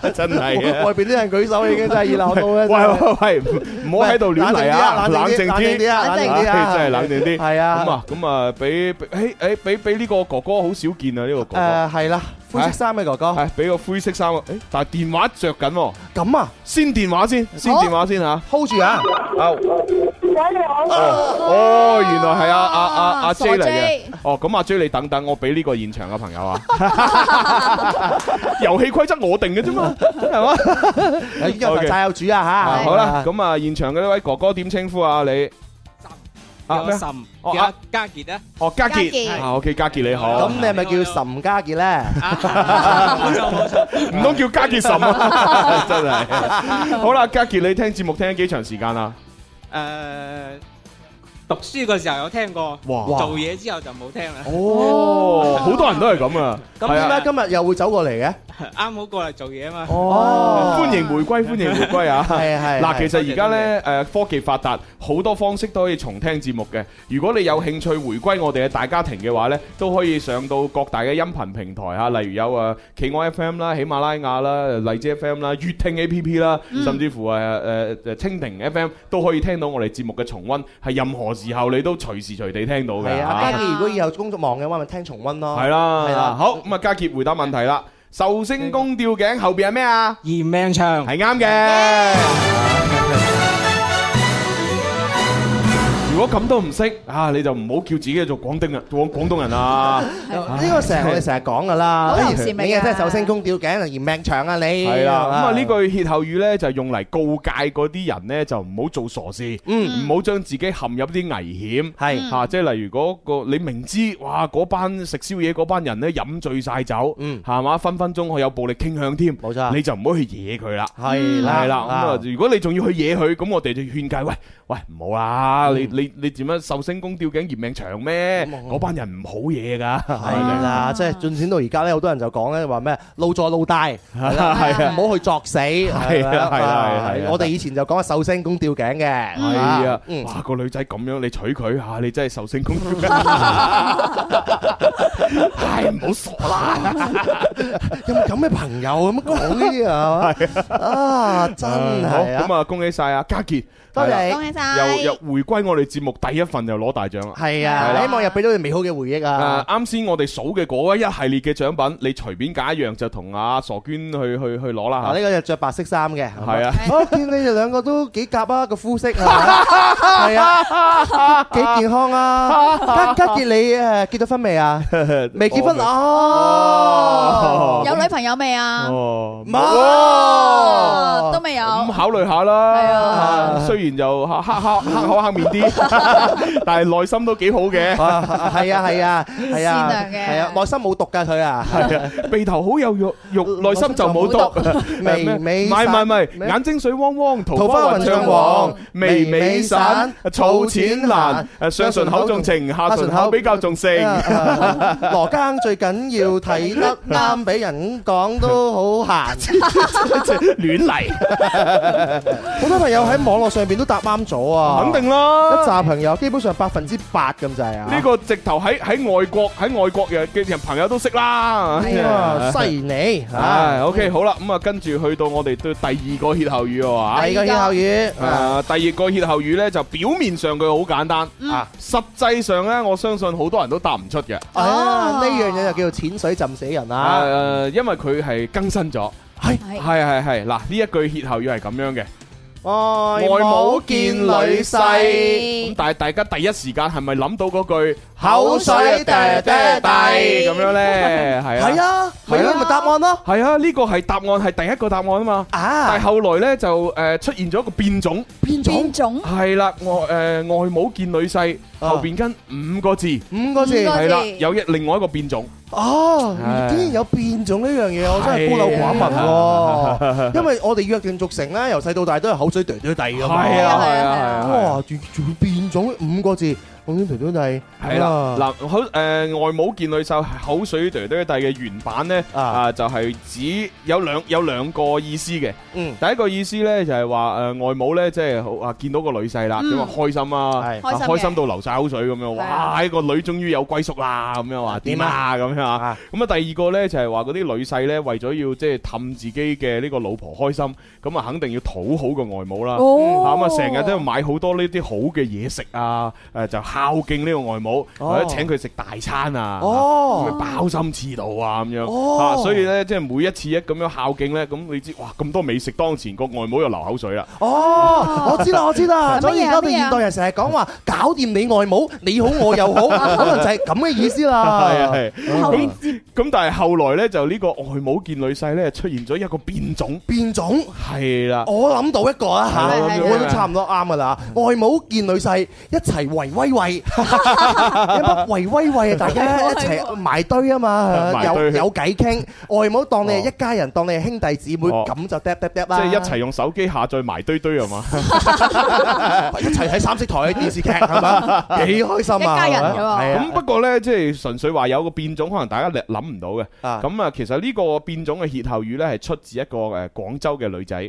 [laughs] 真係、啊、外邊啲人舉手已經真係熱鬧到！喂喂喂，唔好喺度亂嚟啊，啊！冷靜啲，冷靜啲啊，啊，啊！真係冷靜啲。係啊！咁啊咁啊，俾、嗯，哎哎、嗯，俾俾呢個哥哥好少見啊！呢、呢個哥哥。誒係啦、呃。灰色衫嘅哥哥，係俾個灰色衫啊！誒，但係電話着緊喎。咁啊，先電話先，先電話先吓，hold 住啊！哦哦，原來係阿阿阿阿 J 嚟嘅。哦，咁阿 J 你等等，我俾呢個現場嘅朋友啊。遊戲規則我定嘅啫嘛，係嘛？有債有主啊吓。好啦，咁啊，現場嘅呢位哥哥點稱呼啊你？阿岑，阿嘉傑咧，哦嘉傑，啊 OK 嘉傑你好，咁你係咪叫岑嘉傑咧？唔通叫嘉傑岑啊？真係，好啦，嘉傑你聽節目聽幾長時間啊？誒。讀書嗰時候有聽過，哇！做嘢之後就冇聽啦。哦，好多人都係咁啊！咁點解今日又會走過嚟嘅？啱好過嚟做嘢啊嘛！哦，歡迎回歸，歡迎回歸啊！係啊係。嗱，其實而家呢，誒，科技發達，好多方式都可以重聽節目嘅。如果你有興趣回歸我哋嘅大家庭嘅話呢，都可以上到各大嘅音頻平台啊，例如有誒企鵝 FM 啦、喜馬拉雅啦、荔枝 FM 啦、粵聽 A P P 啦，甚至乎誒誒蜻蜓 F M 都可以聽到我哋節目嘅重溫。係任何時候你都隨時隨地聽到嘅。係啊，嘉傑、啊，如果以後工作忙嘅話，我咪聽重溫咯。係啦、啊，係啦、啊。好，咁啊、嗯，嘉傑那回答問題啦。壽星公吊頸後邊係咩啊？嫌命長係啱嘅。 [music] 我咁都唔識啊！你就唔好叫自己做廣東人啊，做廣廣東人啊！呢個成日我哋成日講噶啦，你嘅真係壽星公吊頸，嫌命長啊！你係啦，咁啊呢句歇後語咧就係用嚟告戒嗰啲人咧，就唔好做傻事，唔好將自己陷入啲危險。係嚇，即係例如嗰個你明知哇，嗰班食宵夜嗰班人咧飲醉晒酒，係嘛分分鐘我有暴力傾向添。冇錯，你就唔好去惹佢啦。係啦，係啦。咁啊，如果你仲要去惹佢，咁我哋就勸戒喂喂唔好啦，你你。你點樣壽星公吊頸嫌命長咩？嗰班人唔好嘢㗎。係啦，即係進展到而家咧，好多人就講咧話咩撈咗撈大，唔好去作死。係啊係啊係啊！我哋以前就講啊壽星公吊頸嘅。係啊，哇個女仔咁樣，你娶佢嚇，你真係壽星公吊頸。係唔好傻啦！有冇咁嘅朋友咁講呢啲啊，啊真係啊！咁啊，恭喜曬啊，嘉傑。多謝，恭喜晒！又又回歸我哋節目，第一份又攞大獎啦！係啊，希望又俾到你美好嘅回憶啊！啱先我哋數嘅嗰一系列嘅獎品，你隨便揀一樣，就同阿傻娟去去去攞啦吓！呢個就着白色衫嘅。係啊，我見你哋兩個都幾夾啊個膚色，係啊，幾健康啊！家家傑你誒，結咗婚未啊？未結婚啊？有女朋友未啊？冇，都未有。咁考慮下啦。係啊，就黑黑黑口黑面啲，但係內心都幾好嘅。係啊係啊係啊，善良嘅係啊，內心冇毒㗎佢啊，鼻頭好有肉肉，內心就冇毒。眉眉，唔係唔係唔係，眼睛水汪汪，桃花運暢旺，眉眉散，儲錢難，上唇口仲情，下唇口比較仲性。羅庚最緊要睇得啱，俾人講都好閒，亂嚟。好多朋友喺網絡上邊。你都答啱咗啊！肯定啦，一紮朋友基本上百分之百咁滯啊！呢個直頭喺喺外國喺外國嘅嘅人朋友都識啦，犀利啊！OK，好啦，咁啊，跟住去到我哋對第二個歇後語啊，第二個歇後語啊，第二個歇後語呢就表面上佢好簡單啊，實際上呢我相信好多人都答唔出嘅。哦，呢樣嘢就叫做淺水浸死人啦。誒，因為佢係更新咗，係係係係嗱，呢一句歇後語係咁樣嘅。哦、外母見女婿，咁但係大家第一時間係咪諗到嗰句？口水嗒嗒滴咁樣咧，係啊，係啊，係啊，咪答案咯，係啊，呢個係答案，係第一個答案啊嘛。但係後來咧就誒出現咗一個變種，變種，係啦，外誒外母見女婿後邊跟五個字，五個字係啦，有另外一個變種。哦，竟然有變種呢樣嘢，我真係孤陋寡聞。因為我哋約定俗成啦，由細到大都係口水嗒嗒滴咁啊，係啊，係啊，哇，仲仲變種五個字。口水嗲嗲渧，係啦，嗱，好誒，外母見女婿口水嗲嗲渧嘅原版咧啊，就係指有兩有兩個意思嘅。嗯，第一個意思咧就係話誒，外母咧即係啊見到個女婿啦，佢話開心啊，開心到流晒口水咁樣，哇！個女終於有歸宿啦，咁樣話點啊咁樣啊，咁啊第二個咧就係話嗰啲女婿咧為咗要即係氹自己嘅呢個老婆開心，咁啊肯定要討好個外母啦。哦，咁啊成日都買好多呢啲好嘅嘢食啊，誒就。孝敬呢個外母，或者請佢食大餐啊，咁樣包心刺肚啊，咁樣啊，所以咧即係每一次一咁樣孝敬咧，咁你知哇咁多美食當前，個外母又流口水啦。哦，我知啦，我知啦。所以而家嘅現代人成日講話搞掂你外母，你好我又好，可能就係咁嘅意思啦。係啊係。咁咁但係後來咧就呢個外母見女婿咧出現咗一個變種，變種係啦。我諗到一個啦吓，我都差唔多啱噶啦。外母見女婿一齊維威運。係有乜為威為啊？ [laughs] 唯唯唯大家一齊埋堆啊嘛， [laughs] 嗯、有有偈傾，外母好當你係一家人，哦、當你係兄弟姊妹，咁、哦、就嗒嗒嗒啦。即係一齊用手機下載埋堆堆係嘛，一齊喺三色台睇電視劇係嘛，幾 [laughs] 開心啊！咁不過呢，即係純粹話有個變種，可能大家諗唔到嘅。咁啊、嗯，其實呢個變種嘅歇後語呢，係出自一個誒廣州嘅女仔，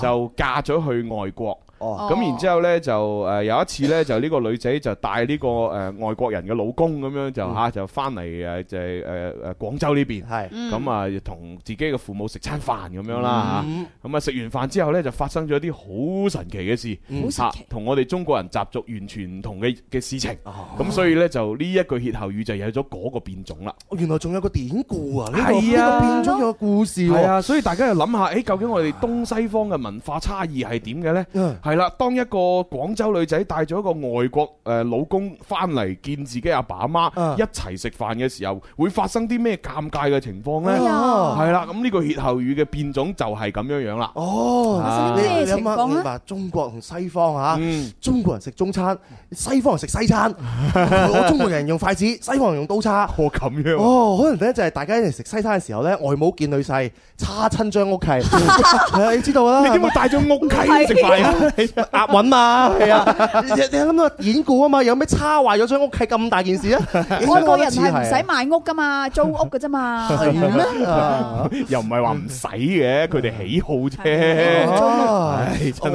就嫁咗去外國。咁然之後咧就誒有一次咧，就呢個女仔就帶呢個誒外國人嘅老公咁樣就嚇就翻嚟誒就誒誒廣州呢邊，係咁啊同自己嘅父母食餐飯咁樣啦嚇，咁啊食完飯之後咧，就發生咗啲好神奇嘅事，嚇，同我哋中國人習俗完全唔同嘅嘅事情，咁所以咧就呢一句歇後語就有咗嗰個變種啦。原來仲有個典故啊，呢個變種嘅故事，係啊，所以大家要諗下，誒究竟我哋東西方嘅文化差異係點嘅咧？係啦，當一個廣州女仔帶咗一個外國誒老公翻嚟，見自己阿爸阿媽一齊食飯嘅時候，啊、會發生啲咩尷尬嘅情況呢？係啦、哎呦，咁呢個歇後語嘅變種就係咁樣樣啦。哦，啊、你咩情況咧？諗下話中國同西方吓，中國人食中餐，西方人食西餐。我、嗯、中國人用筷子，西方人用刀叉。 [laughs] 哦咁樣、啊。哦，可能第一就係大家一齊食西餐嘅時候咧，外母見女婿。叉親張屋契，你知道啦？你點會帶張屋契食飯啊？押韻嘛，係啊！你你諗下演故啊嘛，有咩叉壞咗張屋契咁大件事啊？我個人係唔使買屋噶嘛，租屋嘅啫嘛。係咩？又唔係話唔使嘅，佢哋喜好啫。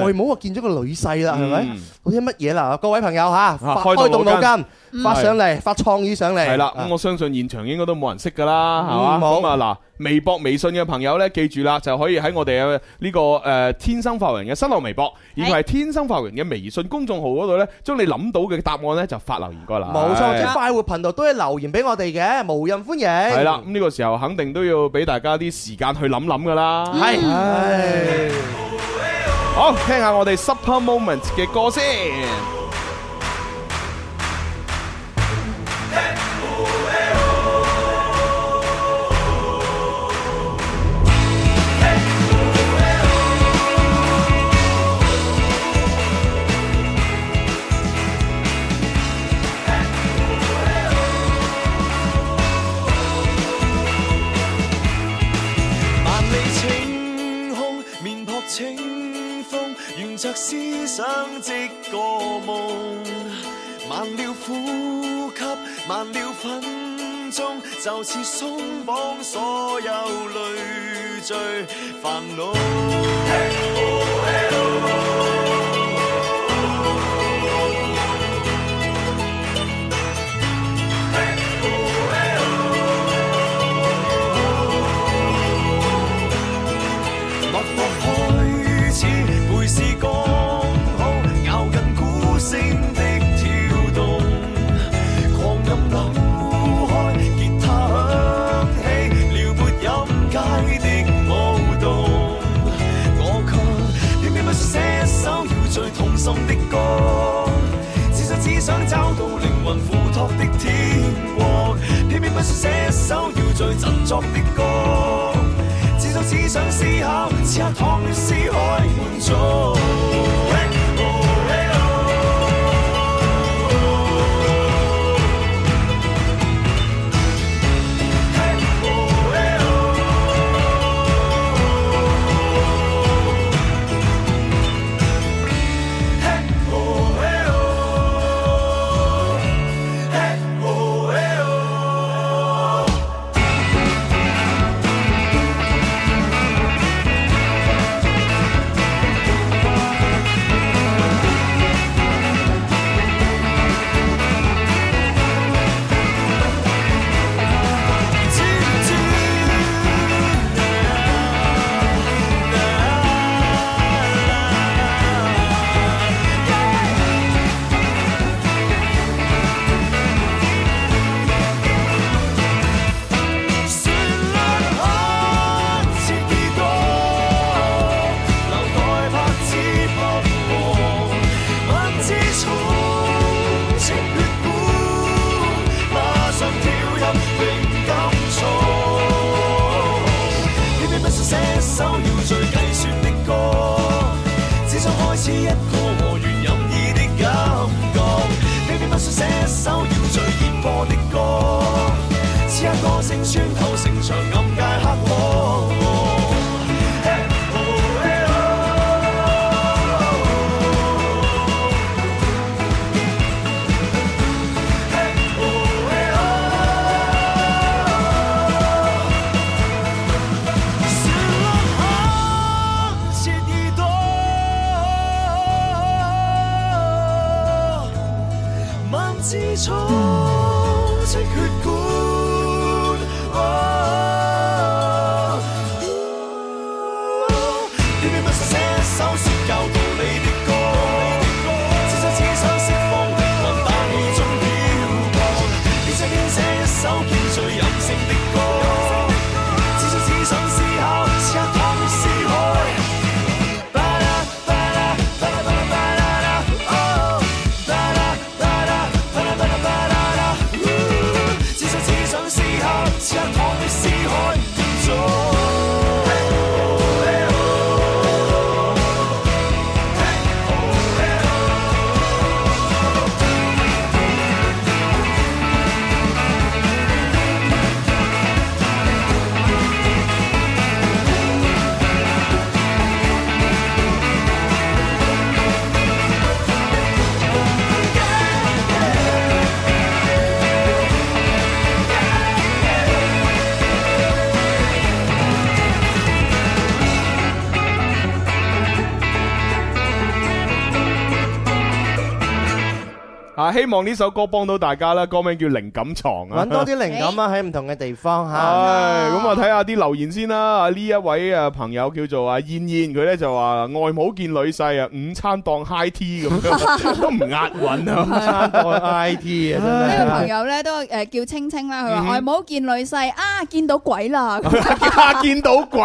外母啊，見咗個女婿啦，係咪？講啲乜嘢啦？各位朋友嚇，開動腦筋。發上嚟，發創意上嚟。係啦，咁我相信現場應該都冇人識噶啦，係嘛？咁啊，嗱，微博、微信嘅朋友咧，記住啦，就可以喺我哋嘅呢個誒，天生快活人嘅新浪微博，而係天生快活人嘅微信公眾號嗰度咧，將你諗到嘅答案咧，就發留言過啦。冇錯，即快活頻道都係留言俾我哋嘅，無任歡迎。係啦，咁呢個時候肯定都要俾大家啲時間去諗諗噶啦。係，好聽下我哋 Super Moment 嘅歌先。似鬆綁，所有累贅煩惱。振作的歌，至少只想思考，此刻躺於思海滿足。希望呢首歌幫到大家啦，歌名叫《靈感床》啊，搵多啲靈感啊，喺唔同嘅地方吓。咁啊，睇下啲留言先啦。呢一位啊朋友叫做阿燕燕，佢咧就話外母見女婿啊，午餐檔 high tea 咁樣都唔押韻啊，午餐檔 high tea 啊。呢位朋友咧都誒叫青青啦，佢話外母見女婿啊，見到鬼啦，吓見到鬼。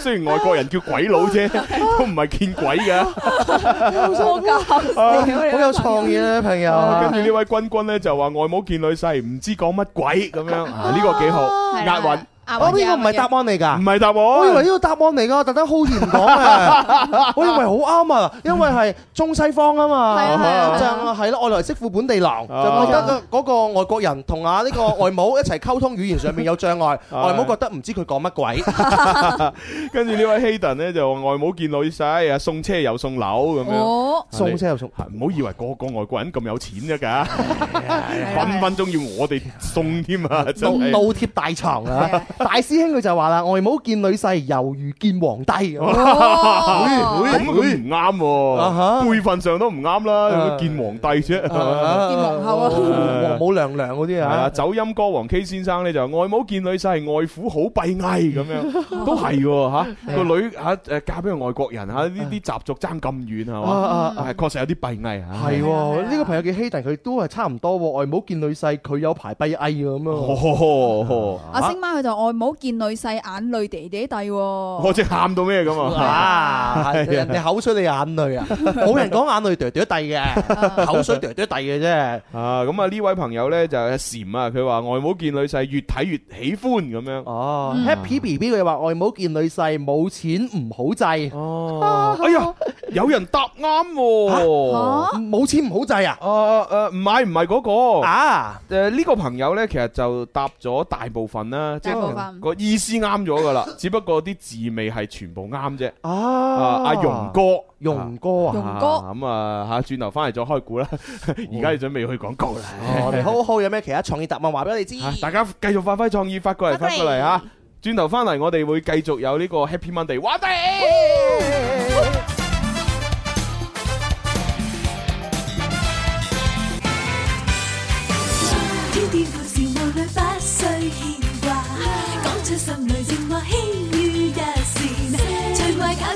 雖然外國人叫鬼佬啫，都唔係見鬼嘅。冇錯噶。好 [music] 有創意啊，朋友、啊軍軍！跟住呢位君君咧就話外母見女婿，唔知講乜鬼咁樣，呢、這個幾好， [music] 押韻。我以為呢個唔係答案嚟噶，唔係答案。我以為呢個答案嚟噶，特登好言講嘅。我以為好啱啊，因為係中西方啊嘛，就係咯外來媳婦本地郎，就覺得嗰個外國人同啊呢個外母一齊溝通語言上面有障礙，外母覺得唔知佢講乜鬼。跟住呢位 Hayden 咧就話外母見女婿啊，送車又送樓咁樣。哦，送車又送，唔好以為個個外國人咁有錢啫，噶分分鐘要我哋送添啊！倒貼大床啊！大師兄佢就話啦，外母見女婿猶如見皇帝。咁佢唔啱喎，輩份上都唔啱啦。見皇帝啫，見皇后啊，王母娘娘嗰啲啊。走音歌王 K 先生咧就外母見女婿係外父好閉翳咁樣，都係嘅吓。個女吓誒嫁俾個外國人吓，呢啲習俗爭咁遠係嘛？係確實有啲閉翳吓。係呢個朋友叫希弟，但係佢都係差唔多。外母見女婿，佢有排閉翳咁樣。阿星媽佢就。外母見女婿，眼淚嗲嗲哋。我似喊到咩咁啊？啊！人哋口水，你眼淚啊！冇人講眼淚嗲嗲哋嘅，口水嗲嗲哋嘅啫。啊！咁啊，呢位朋友咧就阿禪啊，佢話外母見女婿越睇越喜歡咁樣。哦，Happy B B 佢話外母見女婿冇錢唔好制。哦，哎呀，有人答啱喎，冇錢唔好制啊？誒誒，唔係唔係嗰個啊？誒，呢個朋友咧，其實就答咗大部分啦，即係。個意思啱咗噶啦，只不過啲字未係全部啱啫。啊，阿容哥，容哥啊，容哥。咁啊，吓轉頭翻嚟再開估啦。而家要準備去廣告啦。我哋、哦哦欸嗯、好好，好有咩其他創意答案話俾我哋知。大家繼續發揮創意，發過嚟，發，發過嚟吓。轉頭翻嚟，我哋會繼續有呢個 Happy Monday。我哋。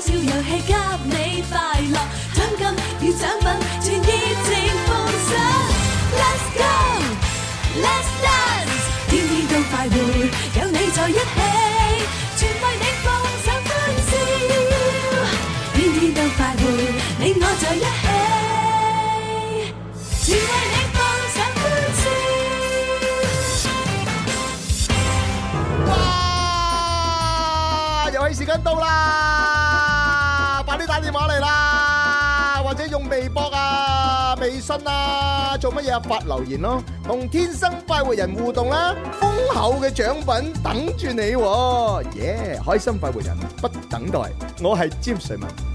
小遊戲給你快樂，獎金與獎品全意正，全熱情奉上。Let's go，Let's dance，天天都快活，有你在一起，全為你放手歡笑。天天都快活，你我在一起，全為你放手歡笑。哇，遊戲時間到啦！話嚟啦，或者用微博啊、微信啊做乜嘢啊發留言咯，同天生快活人互動啦，豐厚嘅獎品等住你，耶！開心快活人不等待，我係詹瑞文。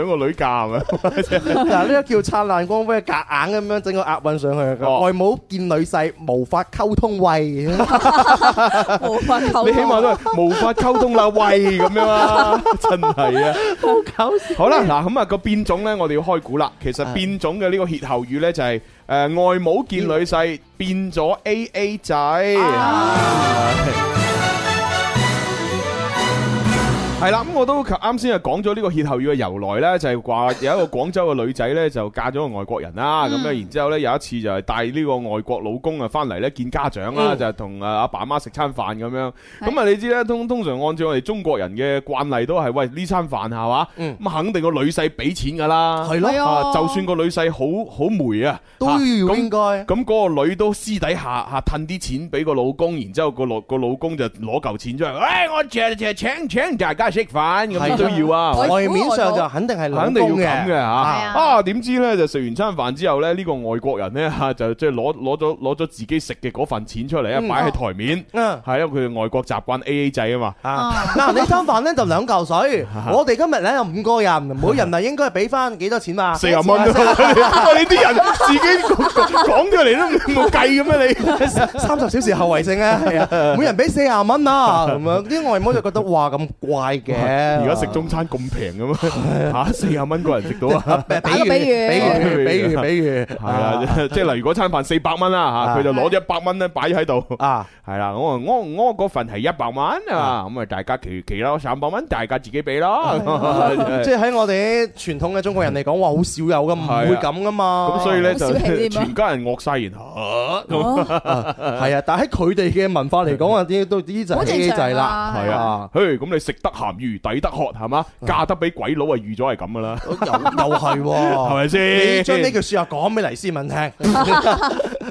整個女嫁，係咪？嗱，呢個叫燦爛光輝夾硬咁樣整個押韻上去。外母見女婿，無法溝通喂，無法。你起碼都係無法溝通啦喂，咁樣啊，真係啊，好搞笑。好啦，嗱咁啊，個變種咧，我哋要開估啦。其實變種嘅呢個歇後語咧就係誒外母見女婿，變咗 AA 仔。係啦，咁我都啱先啊，講咗呢個歇後語嘅由來咧，就係話有一個廣州嘅女仔咧，就嫁咗個外國人啦。咁樣、嗯，然之後咧，有一次就係帶呢個外國老公啊翻嚟咧見家長啦，就係同啊阿爸媽食餐飯咁樣。咁啊，你知咧，通通常按照我哋中國人嘅慣例，都係喂呢餐飯係嘛，咁肯定個女婿俾錢㗎啦。係咯，就算個女婿好好霉啊，都要應該。咁嗰個女都私底下下褪啲錢俾個老公，然之後個老個老公就攞嚿錢出嚟，誒我謝謝請請大家。食飯咁都要啊，外面上就肯定係肯定要咁嘅吓。啊，點、啊、知咧就食完餐飯之後咧，呢、這個外國人咧吓就即係攞攞咗攞咗自己食嘅嗰份錢出嚟啊，擺喺台面。嗯，係因為佢哋外國習慣 A A 制啊嘛。嗱、啊啊、呢餐飯咧就兩嚿水，我哋今日咧有五個人，每人啊應該係俾翻幾多錢啊？啊四十蚊。 [laughs] 你啲人自己講出嚟都冇計嘅咩？你三十 [laughs] 小時後遺症啊？係啊，每人俾四十蚊啊？咁樣啲外母就覺得哇咁怪。嘅，而家食中餐咁平嘅咩？吓，四十蚊個人食到啊！打個比喻，比喻，比喻，比喻，係啊！即係嗱，如果餐飯四百蚊啦吓，佢就攞咗一百蚊咧擺喺度啊，係啦。我我我嗰份係一百蚊啊，咁啊大家其其他三百蚊大家自己俾啦。即係喺我哋傳統嘅中國人嚟講話，好少有嘅，唔會咁噶嘛。咁所以咧就全家人惡曬，然後係啊！但係喺佢哋嘅文化嚟講話，都呢就機制啦。係啊，嘿咁你食得閒。如抵得渴係嘛，嫁得俾鬼佬啊，預咗係咁噶啦，又係，係咪先？你將呢句話說話講俾黎思敏聽。 [laughs] [laughs]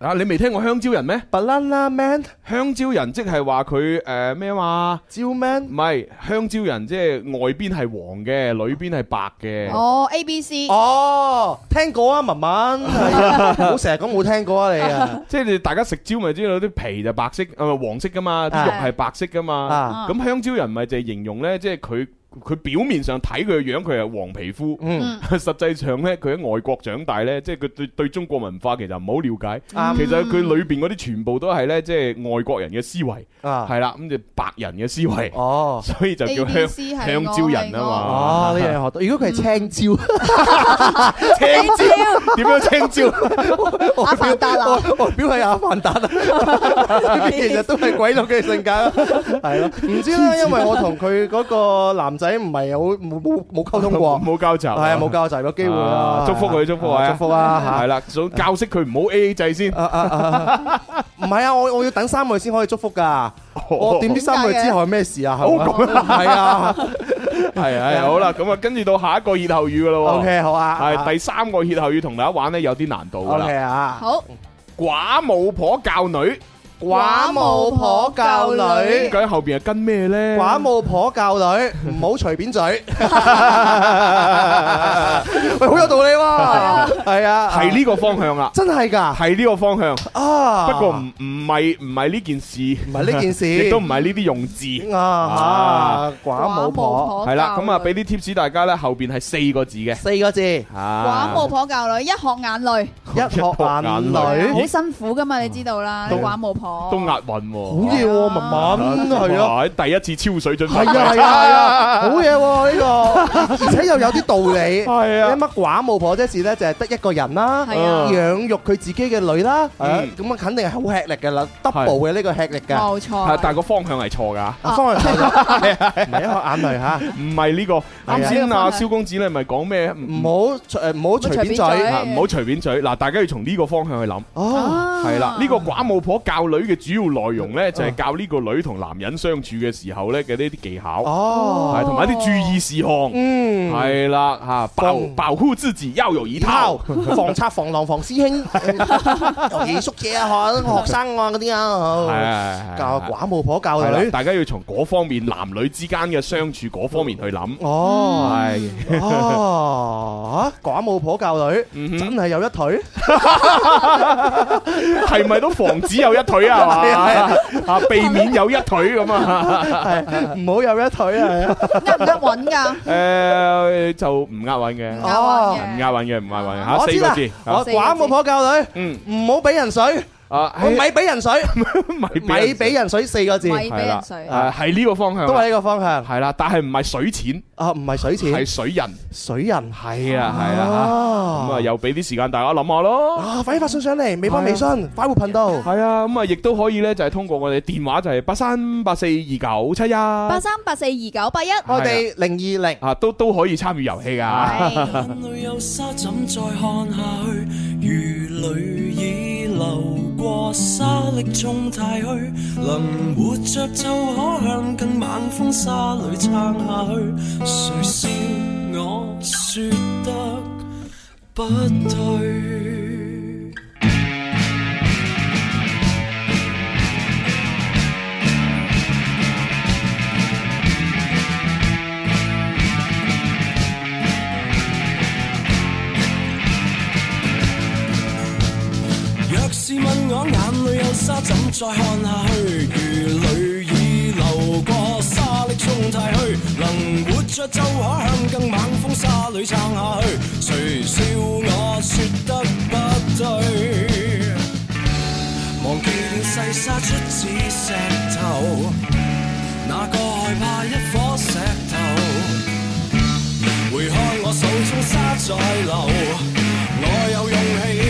啊！你未聽過香蕉人咩？banana man，香蕉人即係話佢誒咩話？蕉、呃啊、il man 唔係香蕉人即，即係外邊係黃嘅，裏邊係白嘅。哦，A B C。哦，聽過啊，文文，唔好成日咁冇聽過啊你啊！ [laughs] 即係你大家食蕉咪知道啲皮就白色，係、呃、黃色噶嘛？啲肉係白色噶嘛？咁、uh. 香蕉人咪就係形容咧，即係佢。佢表面上睇佢嘅樣，佢係黃皮膚，嗯，實際上咧，佢喺外國長大咧，即係佢對對中國文化其實唔好了解，其實佢裏邊嗰啲全部都係咧，即係外國人嘅思維，係啦，咁就白人嘅思維，哦，所以就叫香香蕉人啊嘛，啊呢學多，如果佢係青蕉，青蕉點樣青蕉？阿凡達啊，外表係阿凡達啊，其實都係鬼佬嘅性格咯，係咯，唔知啦，因為我同佢嗰個男仔唔係有冇冇冇溝通過，冇交集，係啊冇交集有機會啊！祝福佢，祝福佢，祝福啊！係啦，教識佢唔好 AA 制先。唔係啊，我我要等三個月先可以祝福噶。我點知三個月之後係咩事啊？係啊，係啊，係啊，好啦，咁啊，跟住到下一個歇後語噶咯。OK，好啊，係第三個歇後語同大家玩呢，有啲難度啦。好，寡母婆教女。寡母婆教女，咁後邊係跟咩咧？寡母婆教女，唔好隨便嘴。喂，好有道理喎！係啊，係呢個方向啊，真係噶，係呢個方向啊。不過唔唔係唔係呢件事，唔係呢件事，亦都唔係呢啲用字啊。寡母婆係啦，咁啊，俾啲 tips 大家咧，後邊係四個字嘅，四個字。寡母婆教女，一殼眼淚，一殼眼淚，好辛苦噶嘛，你知道啦。寡母婆。都押韻喎，好嘢喎，文文係咯，第一次超水準，係啊係啊係啊，好嘢呢個，而且又有啲道理，係啊，乜寡母婆之事咧，就係得一個人啦，養育佢自己嘅女啦，咁啊肯定係好吃力㗎喇，double 嘅呢個吃力㗎，冇錯，但係個方向係錯噶，方向錯嘅，唔係一盒眼淚吓，唔係呢個，啱先阿蕭公子你係咪講咩，唔好誒唔好隨便嘴，唔好隨便嘴，嗱，大家要從呢個方向去諗，係啦，呢個寡母婆教女。佢嘅主要內容咧就係教呢個女同男人相處嘅時候咧嘅呢啲技巧，哦，係同埋一啲注意事項，嗯，係啦吓，保保護自己要有一套，防賊防狼防師兄，又野宿嘢啊，學生啊啲啊，係教寡母婆教女，大家要從嗰方面男女之間嘅相處嗰方面去諗，哦，哦，寡母婆教女，真係有一腿，係咪都防止有一腿啊？係嘛啊！避免有一腿咁啊，係唔好有一腿啊，係啊，呃唔呃穩㗎？誒，就唔呃穩嘅，哦，唔呃穩嘅，唔呃穩嘅，吓四個字，我寡母婆教女，嗯，唔好俾人水。啊！咪俾人水，咪咪俾人水四個字係啦，係呢個方向，都係呢個方向，係啦，但係唔係水錢，啊，唔係水錢，係水人，水人係啊，係啦，咁啊，又俾啲時間大家諗下咯，啊，快發信上嚟，微博微信，快活頻道，係啊，咁啊，亦都可以咧，就係通過我哋電話，就係八三八四二九七一，八三八四二九八一，我哋零二零，啊，都都可以參與遊戲噶。過沙礫中太虛，能活着就可向更猛風沙裏撐下去。誰笑我説得不對？試問我眼裏有沙，怎再看下去？如淚已流過沙，沙粒衝太去能活着，就可向更猛風沙裡撐下去。誰笑我説得不對？忘記變細沙出似石頭，哪、那個害怕一顆石頭？回看我手中沙在流，我有勇氣。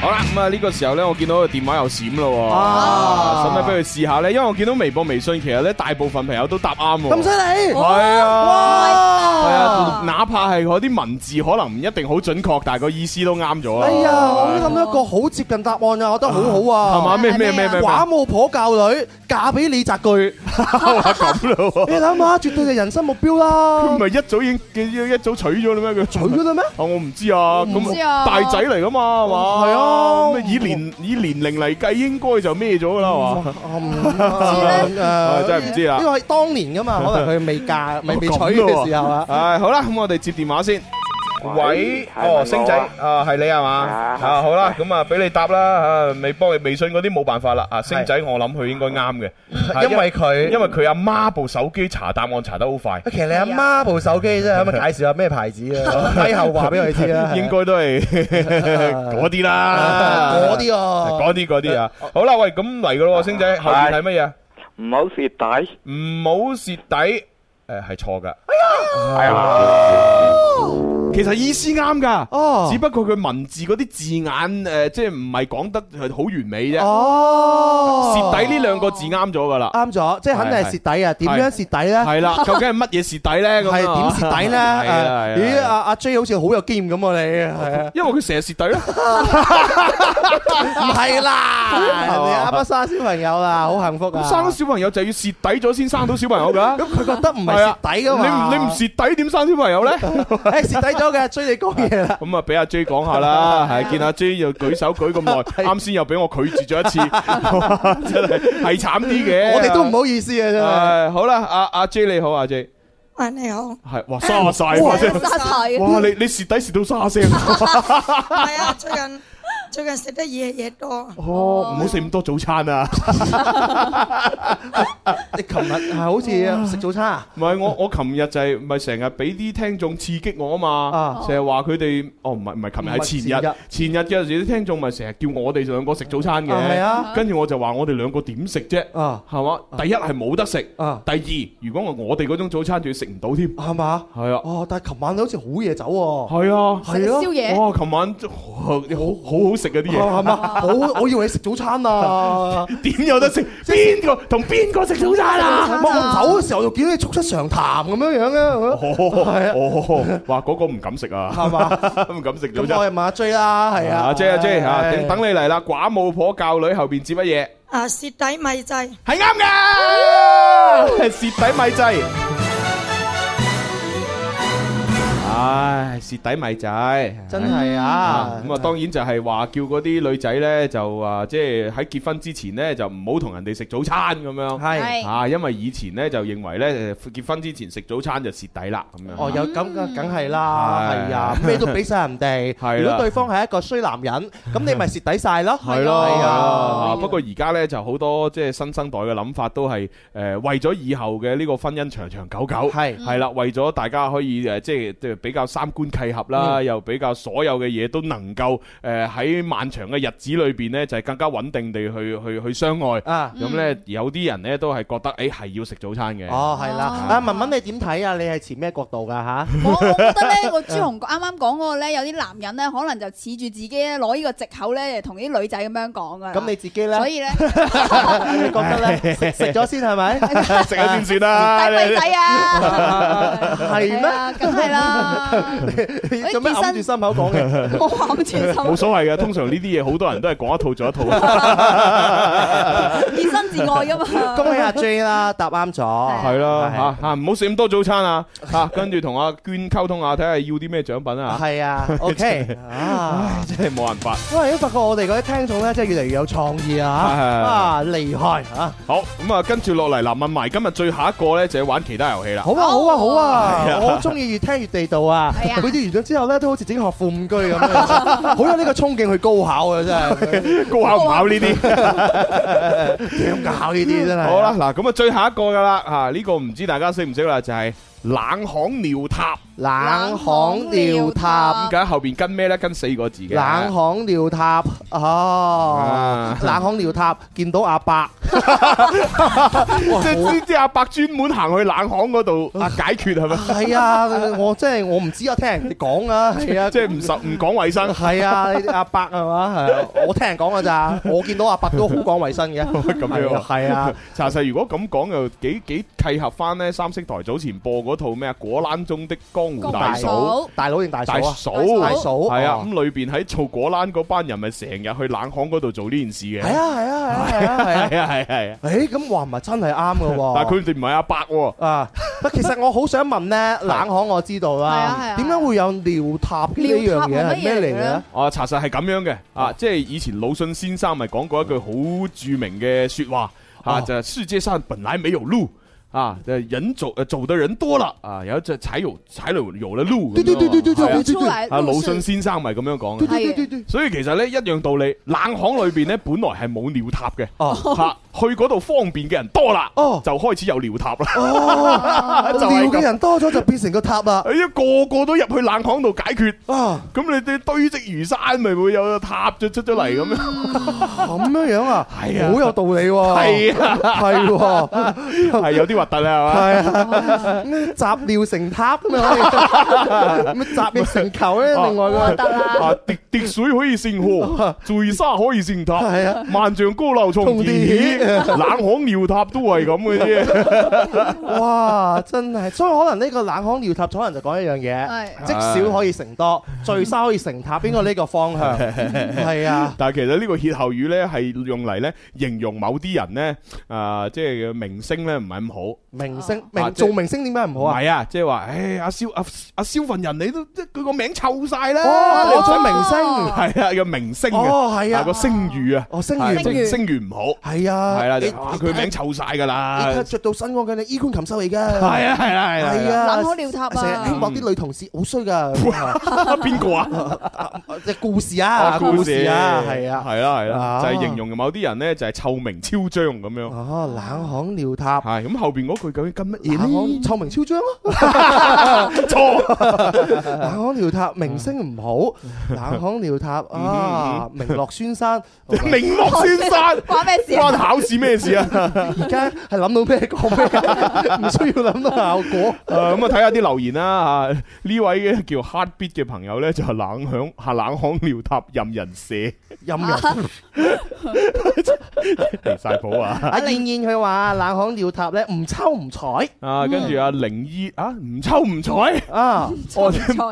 好啦，咁啊呢個時候咧，我見到個電話又閃啦啊，使唔使俾佢試下咧？因為我見到微博、微信，其實咧大部分朋友都答啱，咁犀利，係啊，哇，係啊，哪怕係嗰啲文字可能唔一定好準確，但係個意思都啱咗啦。哎呀，我都諗到一個好接近答案啊，我覺得好好啊。係嘛咩咩咩咩，寡母婆教女，嫁俾李澤钜？咁咯。你諗下，絕對係人生目標啦。佢唔係一早已經一早娶咗你咩？佢娶咗啦咩？我唔知啊，咁大仔嚟噶嘛係嘛？係啊。以年以年齡嚟計，應該就咩咗噶啦，係嘛？唔知啊，真係唔知啊，因為當年噶嘛，可能佢未嫁，未未娶嘅時候啊。係好啦，咁我哋接電話先。喂，哦，星仔，啊，係你係嘛？啊，好啦，咁啊，俾你答啦吓，你幫佢微信嗰啲冇辦法啦。啊，星仔，我諗佢應該啱嘅，因為佢因為佢阿媽部手機查答案查得好快。其實你阿媽部手機啫，可唔可以介紹下咩牌子啊？背後話俾我哋知啦。應該都係嗰啲啦，嗰啲哦，嗰啲嗰啲啊。好啦，喂，咁嚟噶咯，星仔，後面係乜嘢？唔好蝕底，唔好蝕底，誒，係錯噶。哎呀！其實意思啱噶，只不過佢文字嗰啲字眼誒，即係唔係講得好完美啫。哦，蝕底呢兩個字啱咗噶啦，啱咗，即係肯定係蝕底啊！點樣蝕底咧？係啦，究竟係乜嘢蝕底咧？係點蝕底咧？咦，阿阿 J 好似好有經驗咁，你係啊？因為佢成日蝕底咯，唔係啦，阿巴生小朋友啦，好幸福啊！生咗小朋友就要蝕底咗，先生到小朋友噶，咁佢覺得唔係蝕底噶嘛？你唔蝕底點生小朋友咧？蝕底咗嘅，追你講嘢啦。咁啊，俾阿 J 講下啦。係見阿 J 又舉手舉咁耐，啱先又俾我拒絕咗一次，真係係慘啲嘅。我哋都唔好意思啊。真係。好啦，阿阿 J 你好，阿 J。喂，你好。係哇，沙晒哇，沙晒哇，你你蝕底蝕到沙聲。係啊，最近。最近食得嘢嘢多，哦，唔好食咁多早餐啊！你琴日係好似食早餐啊？唔係我我琴日就係唔係成日俾啲聽眾刺激我啊嘛？啊，成日話佢哋哦唔係唔係琴日係前日前日有陣時，啲聽眾咪成日叫我哋兩個食早餐嘅，係啊。跟住我就話我哋兩個點食啫？啊，係嘛？第一係冇得食，啊，第二如果我我哋嗰種早餐仲要食唔到添，係嘛？係啊。哦，但係琴晚好似好夜走喎。係啊，係啊。哇，琴晚好好好。食嗰啲嘢，我我以為你食早餐啊，點有得食？邊個同邊個食早餐啊？走嘅時候就見到佢促膝長談咁樣樣啊！係啊，哇！嗰個唔敢食啊，唔敢食早餐。咁我係阿姐啦，係啊，姐啊姐啊，等你嚟啦！寡母婆教女後邊接乜嘢？啊，蝕底米製係啱㗎，蝕底米製。唉，蝕底咪仔，真係啊！咁啊，當然就係話叫嗰啲女仔呢，就話即係喺結婚之前呢，就唔好同人哋食早餐咁樣。係啊，因為以前呢，就認為呢，結婚之前食早餐就蝕底啦咁樣。哦，有咁嘅，梗係啦。係啊，咩都俾晒人哋。如果對方係一個衰男人，咁你咪蝕底晒咯。係咯。不過而家呢，就好多即係新生代嘅諗法，都係誒為咗以後嘅呢個婚姻長長久久。係係啦，為咗大家可以誒即係比較三觀契合啦，又比較所有嘅嘢都能夠，誒喺漫長嘅日子裏邊咧，就係更加穩定地去去去相愛。咁咧，有啲人咧都係覺得誒係要食早餐嘅。哦，係啦。啊，文文你點睇啊？你係前咩角度噶吓？我覺得咧，個朱紅啱啱講嗰個咧，有啲男人咧，可能就恃住自己咧，攞呢個借口咧，同啲女仔咁樣講噶。咁你自己咧？所以咧，你覺得咧？食食咗先係咪？食咗先算啦。大女仔啊，係咩？梗係啦。做咩暗處心口講嘅？冇所謂嘅，通常呢啲嘢好多人都係講一套做一套，以身自愛噶嘛。恭喜阿 J 啦，答啱咗。係啦，吓吓，唔好食咁多早餐啊！吓，跟住同阿娟溝通下，睇下要啲咩獎品啊。係啊，OK。真係冇辦法。我如果發覺我哋嗰啲聽眾咧，真係越嚟越有創意啊！吓，哇，厲害吓。好，咁啊，跟住落嚟嗱，問埋今日最後一個咧，就係玩其他遊戲啦。好啊，好啊，好啊。我好中意越聽越地道。哇！背啲、啊、完咗之後咧，都好似整學富五居咁，好 [laughs] 有呢個衝勁去高考啊！真係 [laughs] 高考唔考呢啲，點搞呢啲真係好啦！嗱，咁啊，最後一個噶啦嚇，呢、這個唔知大家識唔識啦，就係、是、冷巷尿塔。冷巷尿塔咁，後邊跟咩咧？跟四個字嘅。冷巷尿塔，哦，冷巷尿塔，見到阿伯，即係即係阿伯專門行去冷巷嗰度啊，解決係咪？係啊，我即係我唔知啊，聽人哋講啊，係啊，即係唔實唔講衛生。係啊，阿伯係嘛？係啊，我聽人講噶咋？我見到阿伯都好講衛生嘅，咁樣係啊。查實如果咁講又幾幾契合翻咧，三色台早前播嗰套咩啊？果欄中的歌。大嫂，大佬定大嫂啊？大嫂，係啊，咁裏邊喺做果欄嗰班人咪成日去冷巷嗰度做呢件事嘅。係啊，係啊，係啊，係啊，係係。誒，咁話唔係真係啱㗎。但係佢哋唔係阿伯喎。啊，其實我好想問咧，冷巷我知道啦。啊，係啊。點解會有尿塔呢樣嘢係咩嚟嘅？啊，查實係咁樣嘅。啊，即係以前魯迅先生咪講過一句好著名嘅說話：啊，就係世界上本來沒有路。啊，人做誒，走的人多了啊，然後就才有一隻踩油，才有有了路。對對對對對對對，魯迅先生咪咁樣講。對，所以其實咧，一樣道理，冷巷裏邊咧， [laughs] 本來係冇尿塔嘅。哦、 [laughs] 啊。啊去嗰度方便嘅人多啦，就開始有尿塔啦。尿嘅人多咗就變成個塔啦。哎呀，個個都入去冷巷度解決啊！咁你哋堆積如山，咪會有個塔就出咗嚟咁樣？咁樣樣啊？係啊，好有道理喎。係啊，係，係有啲核突啦，係嘛？係啊，集尿成塔咁啊，集尿成球咧，另外個核突啊，滴滴水可以成河，聚沙可以成塔，係啊，萬丈高樓從地起。冷巷尿塔都係咁嘅啫，哇！真係，所以可能呢個冷巷尿塔可能就講一樣嘢，係積少可以成多，聚沙可以成塔，邊個呢個方向？係啊。但係其實呢個歇後語咧，係用嚟咧形容某啲人咧，啊，即係明星咧，唔係咁好。明星明做明星點解唔好啊？係啊，即係話，誒，阿蕭阿阿蕭份人，你都佢個名臭晒啦。哦，做明星係啊，個明星哦，係啊，個聲譽啊，哦，聲譽聲譽唔好，係啊。係啦，你佢名臭晒噶啦！你着到新裝嘅你衣冠禽獸嚟噶，係啊係啦係啦，係啊！冷巷尿塔，成日輕薄啲女同事，好衰噶。邊個啊？即係故事啊，故事啊，係啊，係啦係啦，就係形容某啲人咧，就係臭名昭彰咁樣。冷巷尿塔係咁後邊嗰句究竟講乜嘢？臭名昭彰咯。錯， [laughs] 冷巷尿塔名聲唔好，冷巷尿塔啊，名落孫山，名、呃、 [laughs] 落孫山，關咩事？關考試咩事啊？而家係諗到咩講咩？唔 [laughs] [laughs] 需要諗到效果。咁啊、呃，睇下啲留言啦吓。呢位叫 Heart Beat 嘅朋友咧，就係、是、冷巷吓冷巷尿塔任人射，任人。離晒譜啊！阿燕燕佢話冷巷尿塔咧唔瞅唔睬。啊，跟住阿靈依啊唔瞅唔睬。啊嗯啊啊啊不啊！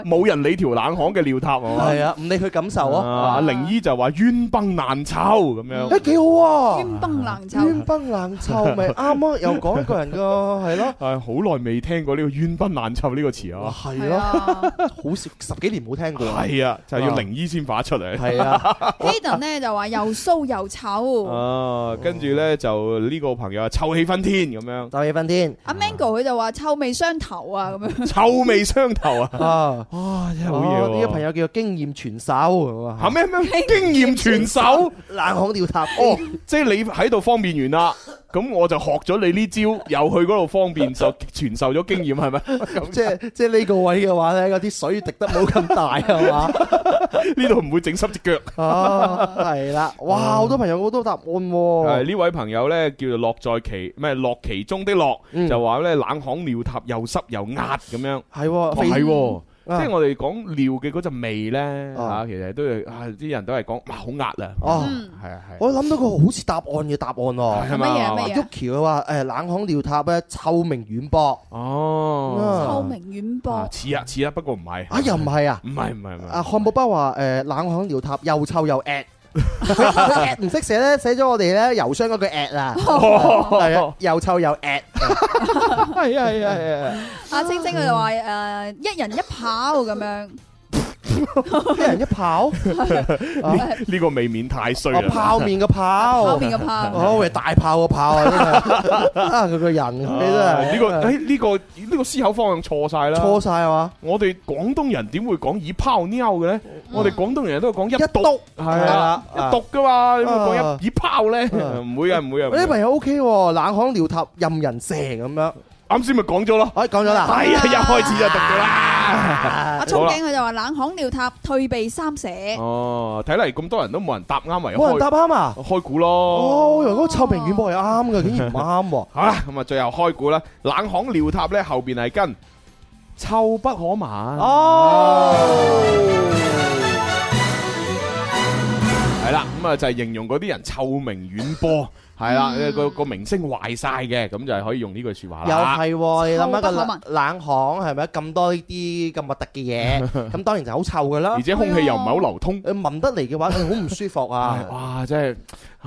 冇人理條冷巷嘅尿塔，係啊，唔理佢感受啊。靈姨就話冤崩難臭咁樣，誒，幾好啊！冤崩難臭，冤崩難臭，咪啱咯？又講一個人噶，係咯。係好耐未聽過呢個冤崩難臭呢個詞啊，係咯，好少十幾年冇聽過。係啊，就係要靈姨先發出嚟。係啊 Jaden 呢就話又騷又臭。啊，跟住咧就呢個朋友啊，臭氣熏天咁樣，臭氣熏天。阿 Mango 佢就話臭味相投啊，咁樣臭味。味相投啊！啊， [laughs] 哇，真係好嘢！呢、啊這個朋友叫做經驗傳授，係咩咩？經驗傳授，冷巷吊塔哦！ [laughs] 即係你喺度方便完啦。 [laughs] 咁我就學咗你呢招，又去嗰度方便就傳授咗經驗，係咪？ [laughs] 咁即係即係呢個位嘅話呢，嗰啲水滴得冇咁大啊嘛？呢度唔會整濕隻腳啊？係啦，哇！好哇多朋友好多答案、啊。係呢、啊、位朋友呢，叫做樂在其咩樂其中的樂，嗯、就話呢冷巷尿塔又濕又壓咁樣，係唔係？即係我哋講尿嘅嗰陣味咧，吓其實都係，啲人都係講，哇好壓啊！哦，係啊係。我諗到個好似答案嘅答案喎，係咪？啊？咩嘢？喐橋話，誒冷巷尿塔咧臭名遠播。哦，臭名遠播。似啊似啊，不過唔係。啊又唔係啊？唔係唔係唔係。阿漢堡包話，誒冷巷尿塔又臭又壓唔識寫咧，寫咗我哋咧郵箱嗰句 at 啦、oh 呃，係啊，又臭又 at，係啊係啊係啊，阿晶晶佢就話誒，一人一跑，咁樣。一人一炮，呢呢個未免太衰啦！泡麵嘅泡，泡麵嘅炮，我係大炮嘅炮啊！啊，佢個人你真係呢個，誒呢個呢個思考方向錯晒啦！錯晒係嘛？我哋廣東人點會講以泡尿嘅咧？我哋廣東人都係講一一督係啊，一督噶嘛，點會講以泡咧？唔會啊，唔會啊！呢朋友 OK，冷巷撩塔任人成。咁樣，啱先咪講咗咯？哎，講咗啦，係啊，一開始就督咗啦。我憧憬佢就話冷巷尿塔退避三舍哦，睇嚟，咁多人都冇人答啱，冇人答啱啊，開估咯哦，原來嗰個臭名遠播又啱嘅。 [laughs] 竟然唔啱、啊，好啦，咁、嗯、啊、嗯、最後開估啦，冷巷尿塔咧後邊係跟臭不可聞哦，係啦、哦，咁啊、嗯、就係、是、形容嗰啲人臭名遠播。 [laughs] 係啦，個個明星壞晒嘅，咁就係可以用呢句說話啦。又係、哦，你諗下個冷巷係咪？咁多呢啲咁核突嘅嘢，咁 [laughs] 當然就好臭噶啦。而且空氣又唔係好流通，聞、啊、得嚟嘅話，佢好唔舒服啊！ [laughs] 哇，真係～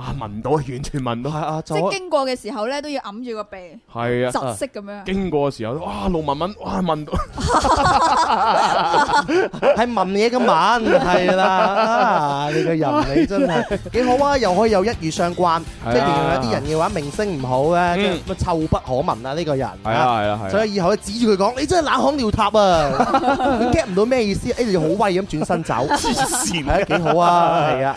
啊！聞到，完全聞到，係啊！即係經過嘅時候咧，都要揞住個鼻，係啊，窒息咁樣。經過嘅時候，哇！路文文哇！聞到，係聞嘢嘅晚係啦。你個人你真係幾好啊，又可以有一語雙關。之前有啲人嘅話，名聲唔好咧，咩臭不可聞啊！呢個人，係啊，係啊，所以以後咧，指住佢講，你真係冷腔尿塔啊！你 get 唔到咩意思？誒，你好威咁轉身走，黐線幾好啊！係啊！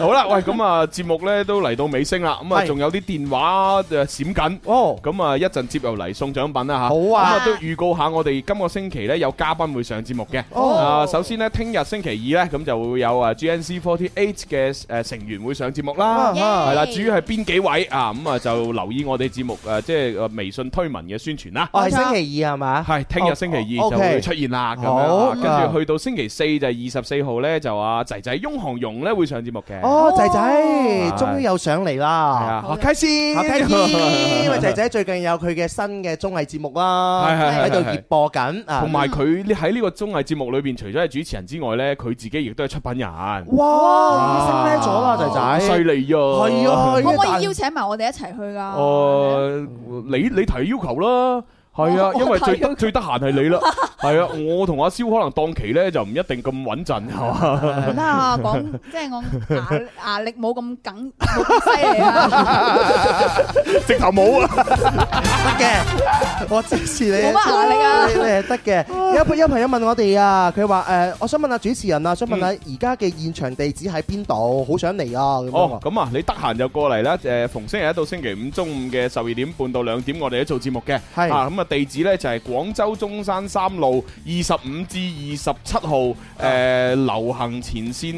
好啦，喂，咁啊，節目。咧都嚟到尾聲啦，咁啊仲有啲電話誒閃緊，哦，咁啊一陣接又嚟送獎品啦吓。好啊，咁啊都預告下我哋今個星期咧有嘉賓會上節目嘅，哦，啊首先咧聽日星期二咧，咁就會有啊 GNC 48嘅誒成員會上節目啦，係啦。至於係邊幾位啊，咁啊就留意我哋節目誒即係微信推文嘅宣傳啦，係星期二係嘛，係聽日星期二就會出現啦，哦，咁樣。跟住去到星期四就係二十四號咧，就啊仔仔翁行容咧會上節目嘅，哦仔仔。終於又上嚟啦！開先，因為仔仔最近有佢嘅新嘅綜藝節目啦，喺度熱播緊。同埋佢喺呢個綜藝節目裏邊，除咗係主持人之外咧，佢自己亦都係出品人。哇！升咩咗啦，仔仔？犀利啊！係啊，可唔可以邀請埋我哋一齊去㗎？誒，你你提要求啦。係啊，因為最得最得閒係你啦。係啊，我同阿蕭可能檔期咧就唔一定咁穩陣，係嘛。得啊，講即係我壓力冇咁緊犀利啊，直頭冇啊，得嘅，我支持你。冇乜壓力啊？你係得嘅。有有朋友問我哋啊，佢話誒，我想問下主持人啊，想問下而家嘅現場地址喺邊度？好想嚟啊。哦，咁啊，你得閒就過嚟啦。誒，逢星期一到星期五中午嘅十二點半到兩點，我哋都做節目嘅。係啊，咁啊。地址呢就係、是、廣州中山三路二十五至二十七號，誒、oh. 呃，流行前線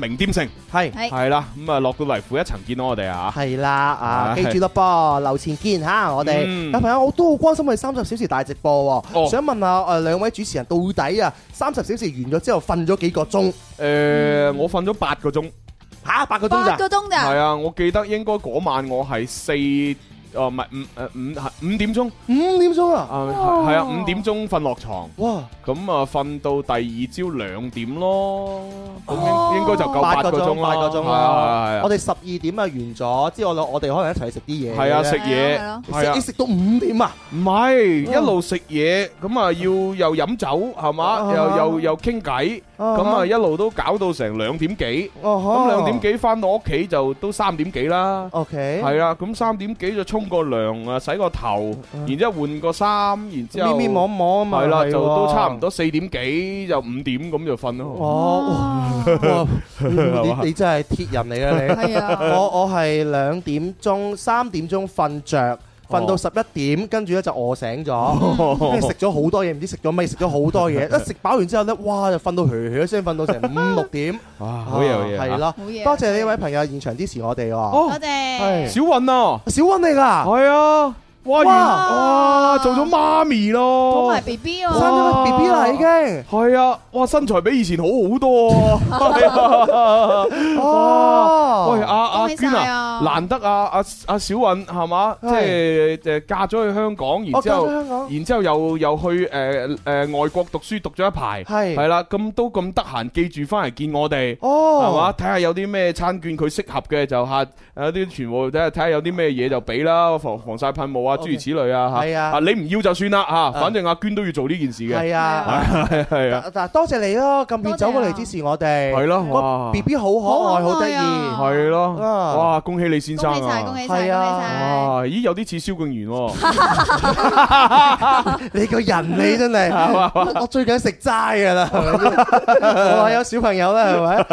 名店城係係啦，咁啊落到嚟負一層見到我哋啊，係啦啊，記住啦噃，的留前見吓，我哋，但朋友我都好關心佢三十小時大直播，哦、想問下誒兩、呃、位主持人到底啊三十小時完咗之後瞓咗幾個鐘？誒、嗯呃，我瞓咗八個鐘，吓八、啊、個鐘咋？八個鐘咋？係啊，我記得應該嗰晚我係四。哦，唔係五，誒五係五點鐘，五點鐘啊！啊，係啊，五點鐘瞓落牀，哇！咁啊，瞓到第二朝兩點咯，咁應應該就夠八個鐘啦。八個鐘啦，係啊！我哋十二點啊完咗，之後我我哋可能一齊食啲嘢，係啊，食嘢，係啊，食食到五點啊！唔係，一路食嘢，咁啊要又飲酒係嘛，又又又傾偈，咁啊一路都搞到成兩點幾，咁兩點幾翻到屋企就都三點幾啦。OK，係啊，咁三點幾就沖。個涼啊，洗個頭，然之後換個衫，然之後，係啦咪咪摸摸了，啊、就都差唔多四點幾就五點咁就瞓咯。哦，你 [laughs] 你，你真係鐵人嚟嘅你。係 [laughs] 啊，我我係兩點鐘三點鐘瞓着。瞓到十一點，跟住咧就餓醒咗，跟住食咗好多嘢，唔知食咗咩食咗好多嘢， [laughs] 一食飽完之後咧，嘩嘻嘻 [laughs] 哇！就瞓到嘘嘘聲，瞓到成五六點，好嘢，好嘢。多謝呢位朋友現場支持我哋喎，多謝，小韻哦，是小韻嚟噶，係啊。哇！做咗媽咪咯，生埋 B B 啊，生咗 B B 啦已經。係啊，哇身材比以前好好多啊！哇，喂阿阿娟啊，難得啊阿阿小韻係嘛？即係誒嫁咗去香港，然之後然之後又又去誒誒外國讀書讀咗一排，係係啦，咁都咁得閒，記住翻嚟見我哋，係嘛？睇下有啲咩餐券，佢適合嘅就下有啲全部睇下睇下有啲咩嘢就俾啦，防防曬噴霧啊。諸如此類啊嚇，你唔要就算啦嚇，反正阿娟都要做呢件事嘅。係啊，係係啊。嗱，多謝你咯，咁遠走過嚟支持我哋。係咯，BB 好可愛，好得意，係咯。哇，恭喜李先生啊！恭喜晒，恭喜晒。咦，有啲似蕭敬源喎。你個人你真係，我最緊食齋㗎啦。我有小朋友啦，係咪？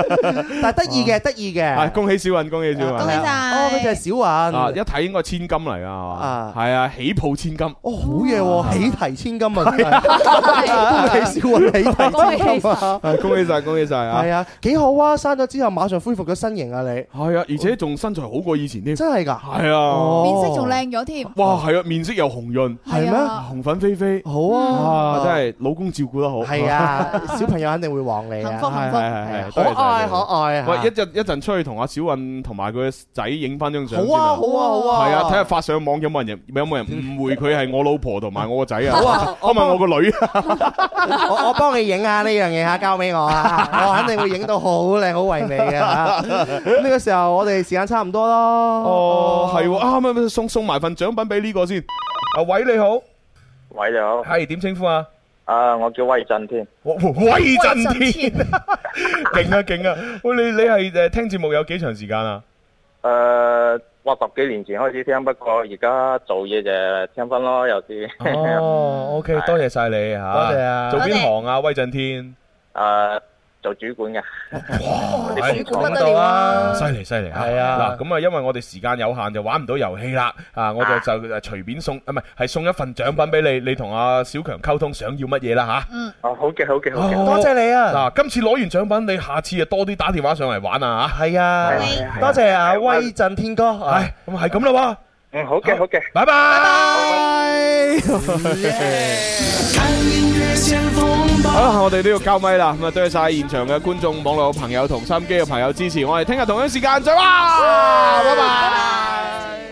但係得意嘅，得意嘅。係恭喜小雲，恭喜小雲。恭喜晒！哦，佢就係小雲。一睇應該千金嚟㗎，係嘛？係。係啊，喜抱千金哦，好嘢，喜提千金啊！恭喜小運，喜提千金啊！恭喜曬，恭喜曬啊！係啊，幾好啊！生咗之後馬上恢復咗身形啊你！係啊，而且仲身材好過以前添，真係噶，係啊，面色仲靚咗添。哇，係啊，面色又紅潤，係咩？紅粉飛飛，好啊！真係老公照顧得好，係啊，小朋友肯定會旺你幸福幸福可愛可愛。喂，一一陣出去同阿小運同埋佢仔影翻張相，好啊好啊好啊，係啊，睇下發上網有冇人認。有冇人誤會佢係我老婆同埋我個仔啊？好啊，我問我個女啊，我我幫你影下呢樣嘢啊，交俾我啊，我肯定會影到好靚好唯美嘅啊！呢個時候我哋時間差唔多咯。哦，係啊，啱啱送送埋份獎品俾呢個先。阿偉你好，偉你好，係點稱呼啊？啊，我叫威震天，威震天，勁啊勁啊！喂，你你係誒聽節目有幾長時間啊？誒。我十幾年前開始聽，不過而家做嘢就聽翻咯，有啲哦 [laughs] ，OK，多謝晒你嚇，啊、多謝啊！做邊行啊？威震天。啊。Uh, 做主管嘅，哇！你主管乜都掂啊，犀利犀利啊！係啊，嗱咁啊，因為我哋時間有限，就玩唔到遊戲啦，啊，我就就誒隨便送，唔係係送一份獎品俾你，你同阿小強溝通想要乜嘢啦吓。嗯，哦好嘅好嘅好嘅，多謝你啊！嗱，今次攞完獎品，你下次啊多啲打電話上嚟玩啊吓。係啊，多謝阿威震天哥，係咁係咁啦喎。嗯，好嘅，好嘅，拜拜。好啦，我哋都要交咪啦，咁啊，多謝晒現場嘅觀眾、網絡嘅朋友同收音機嘅朋友支持，我哋聽日同樣時間再話，拜拜。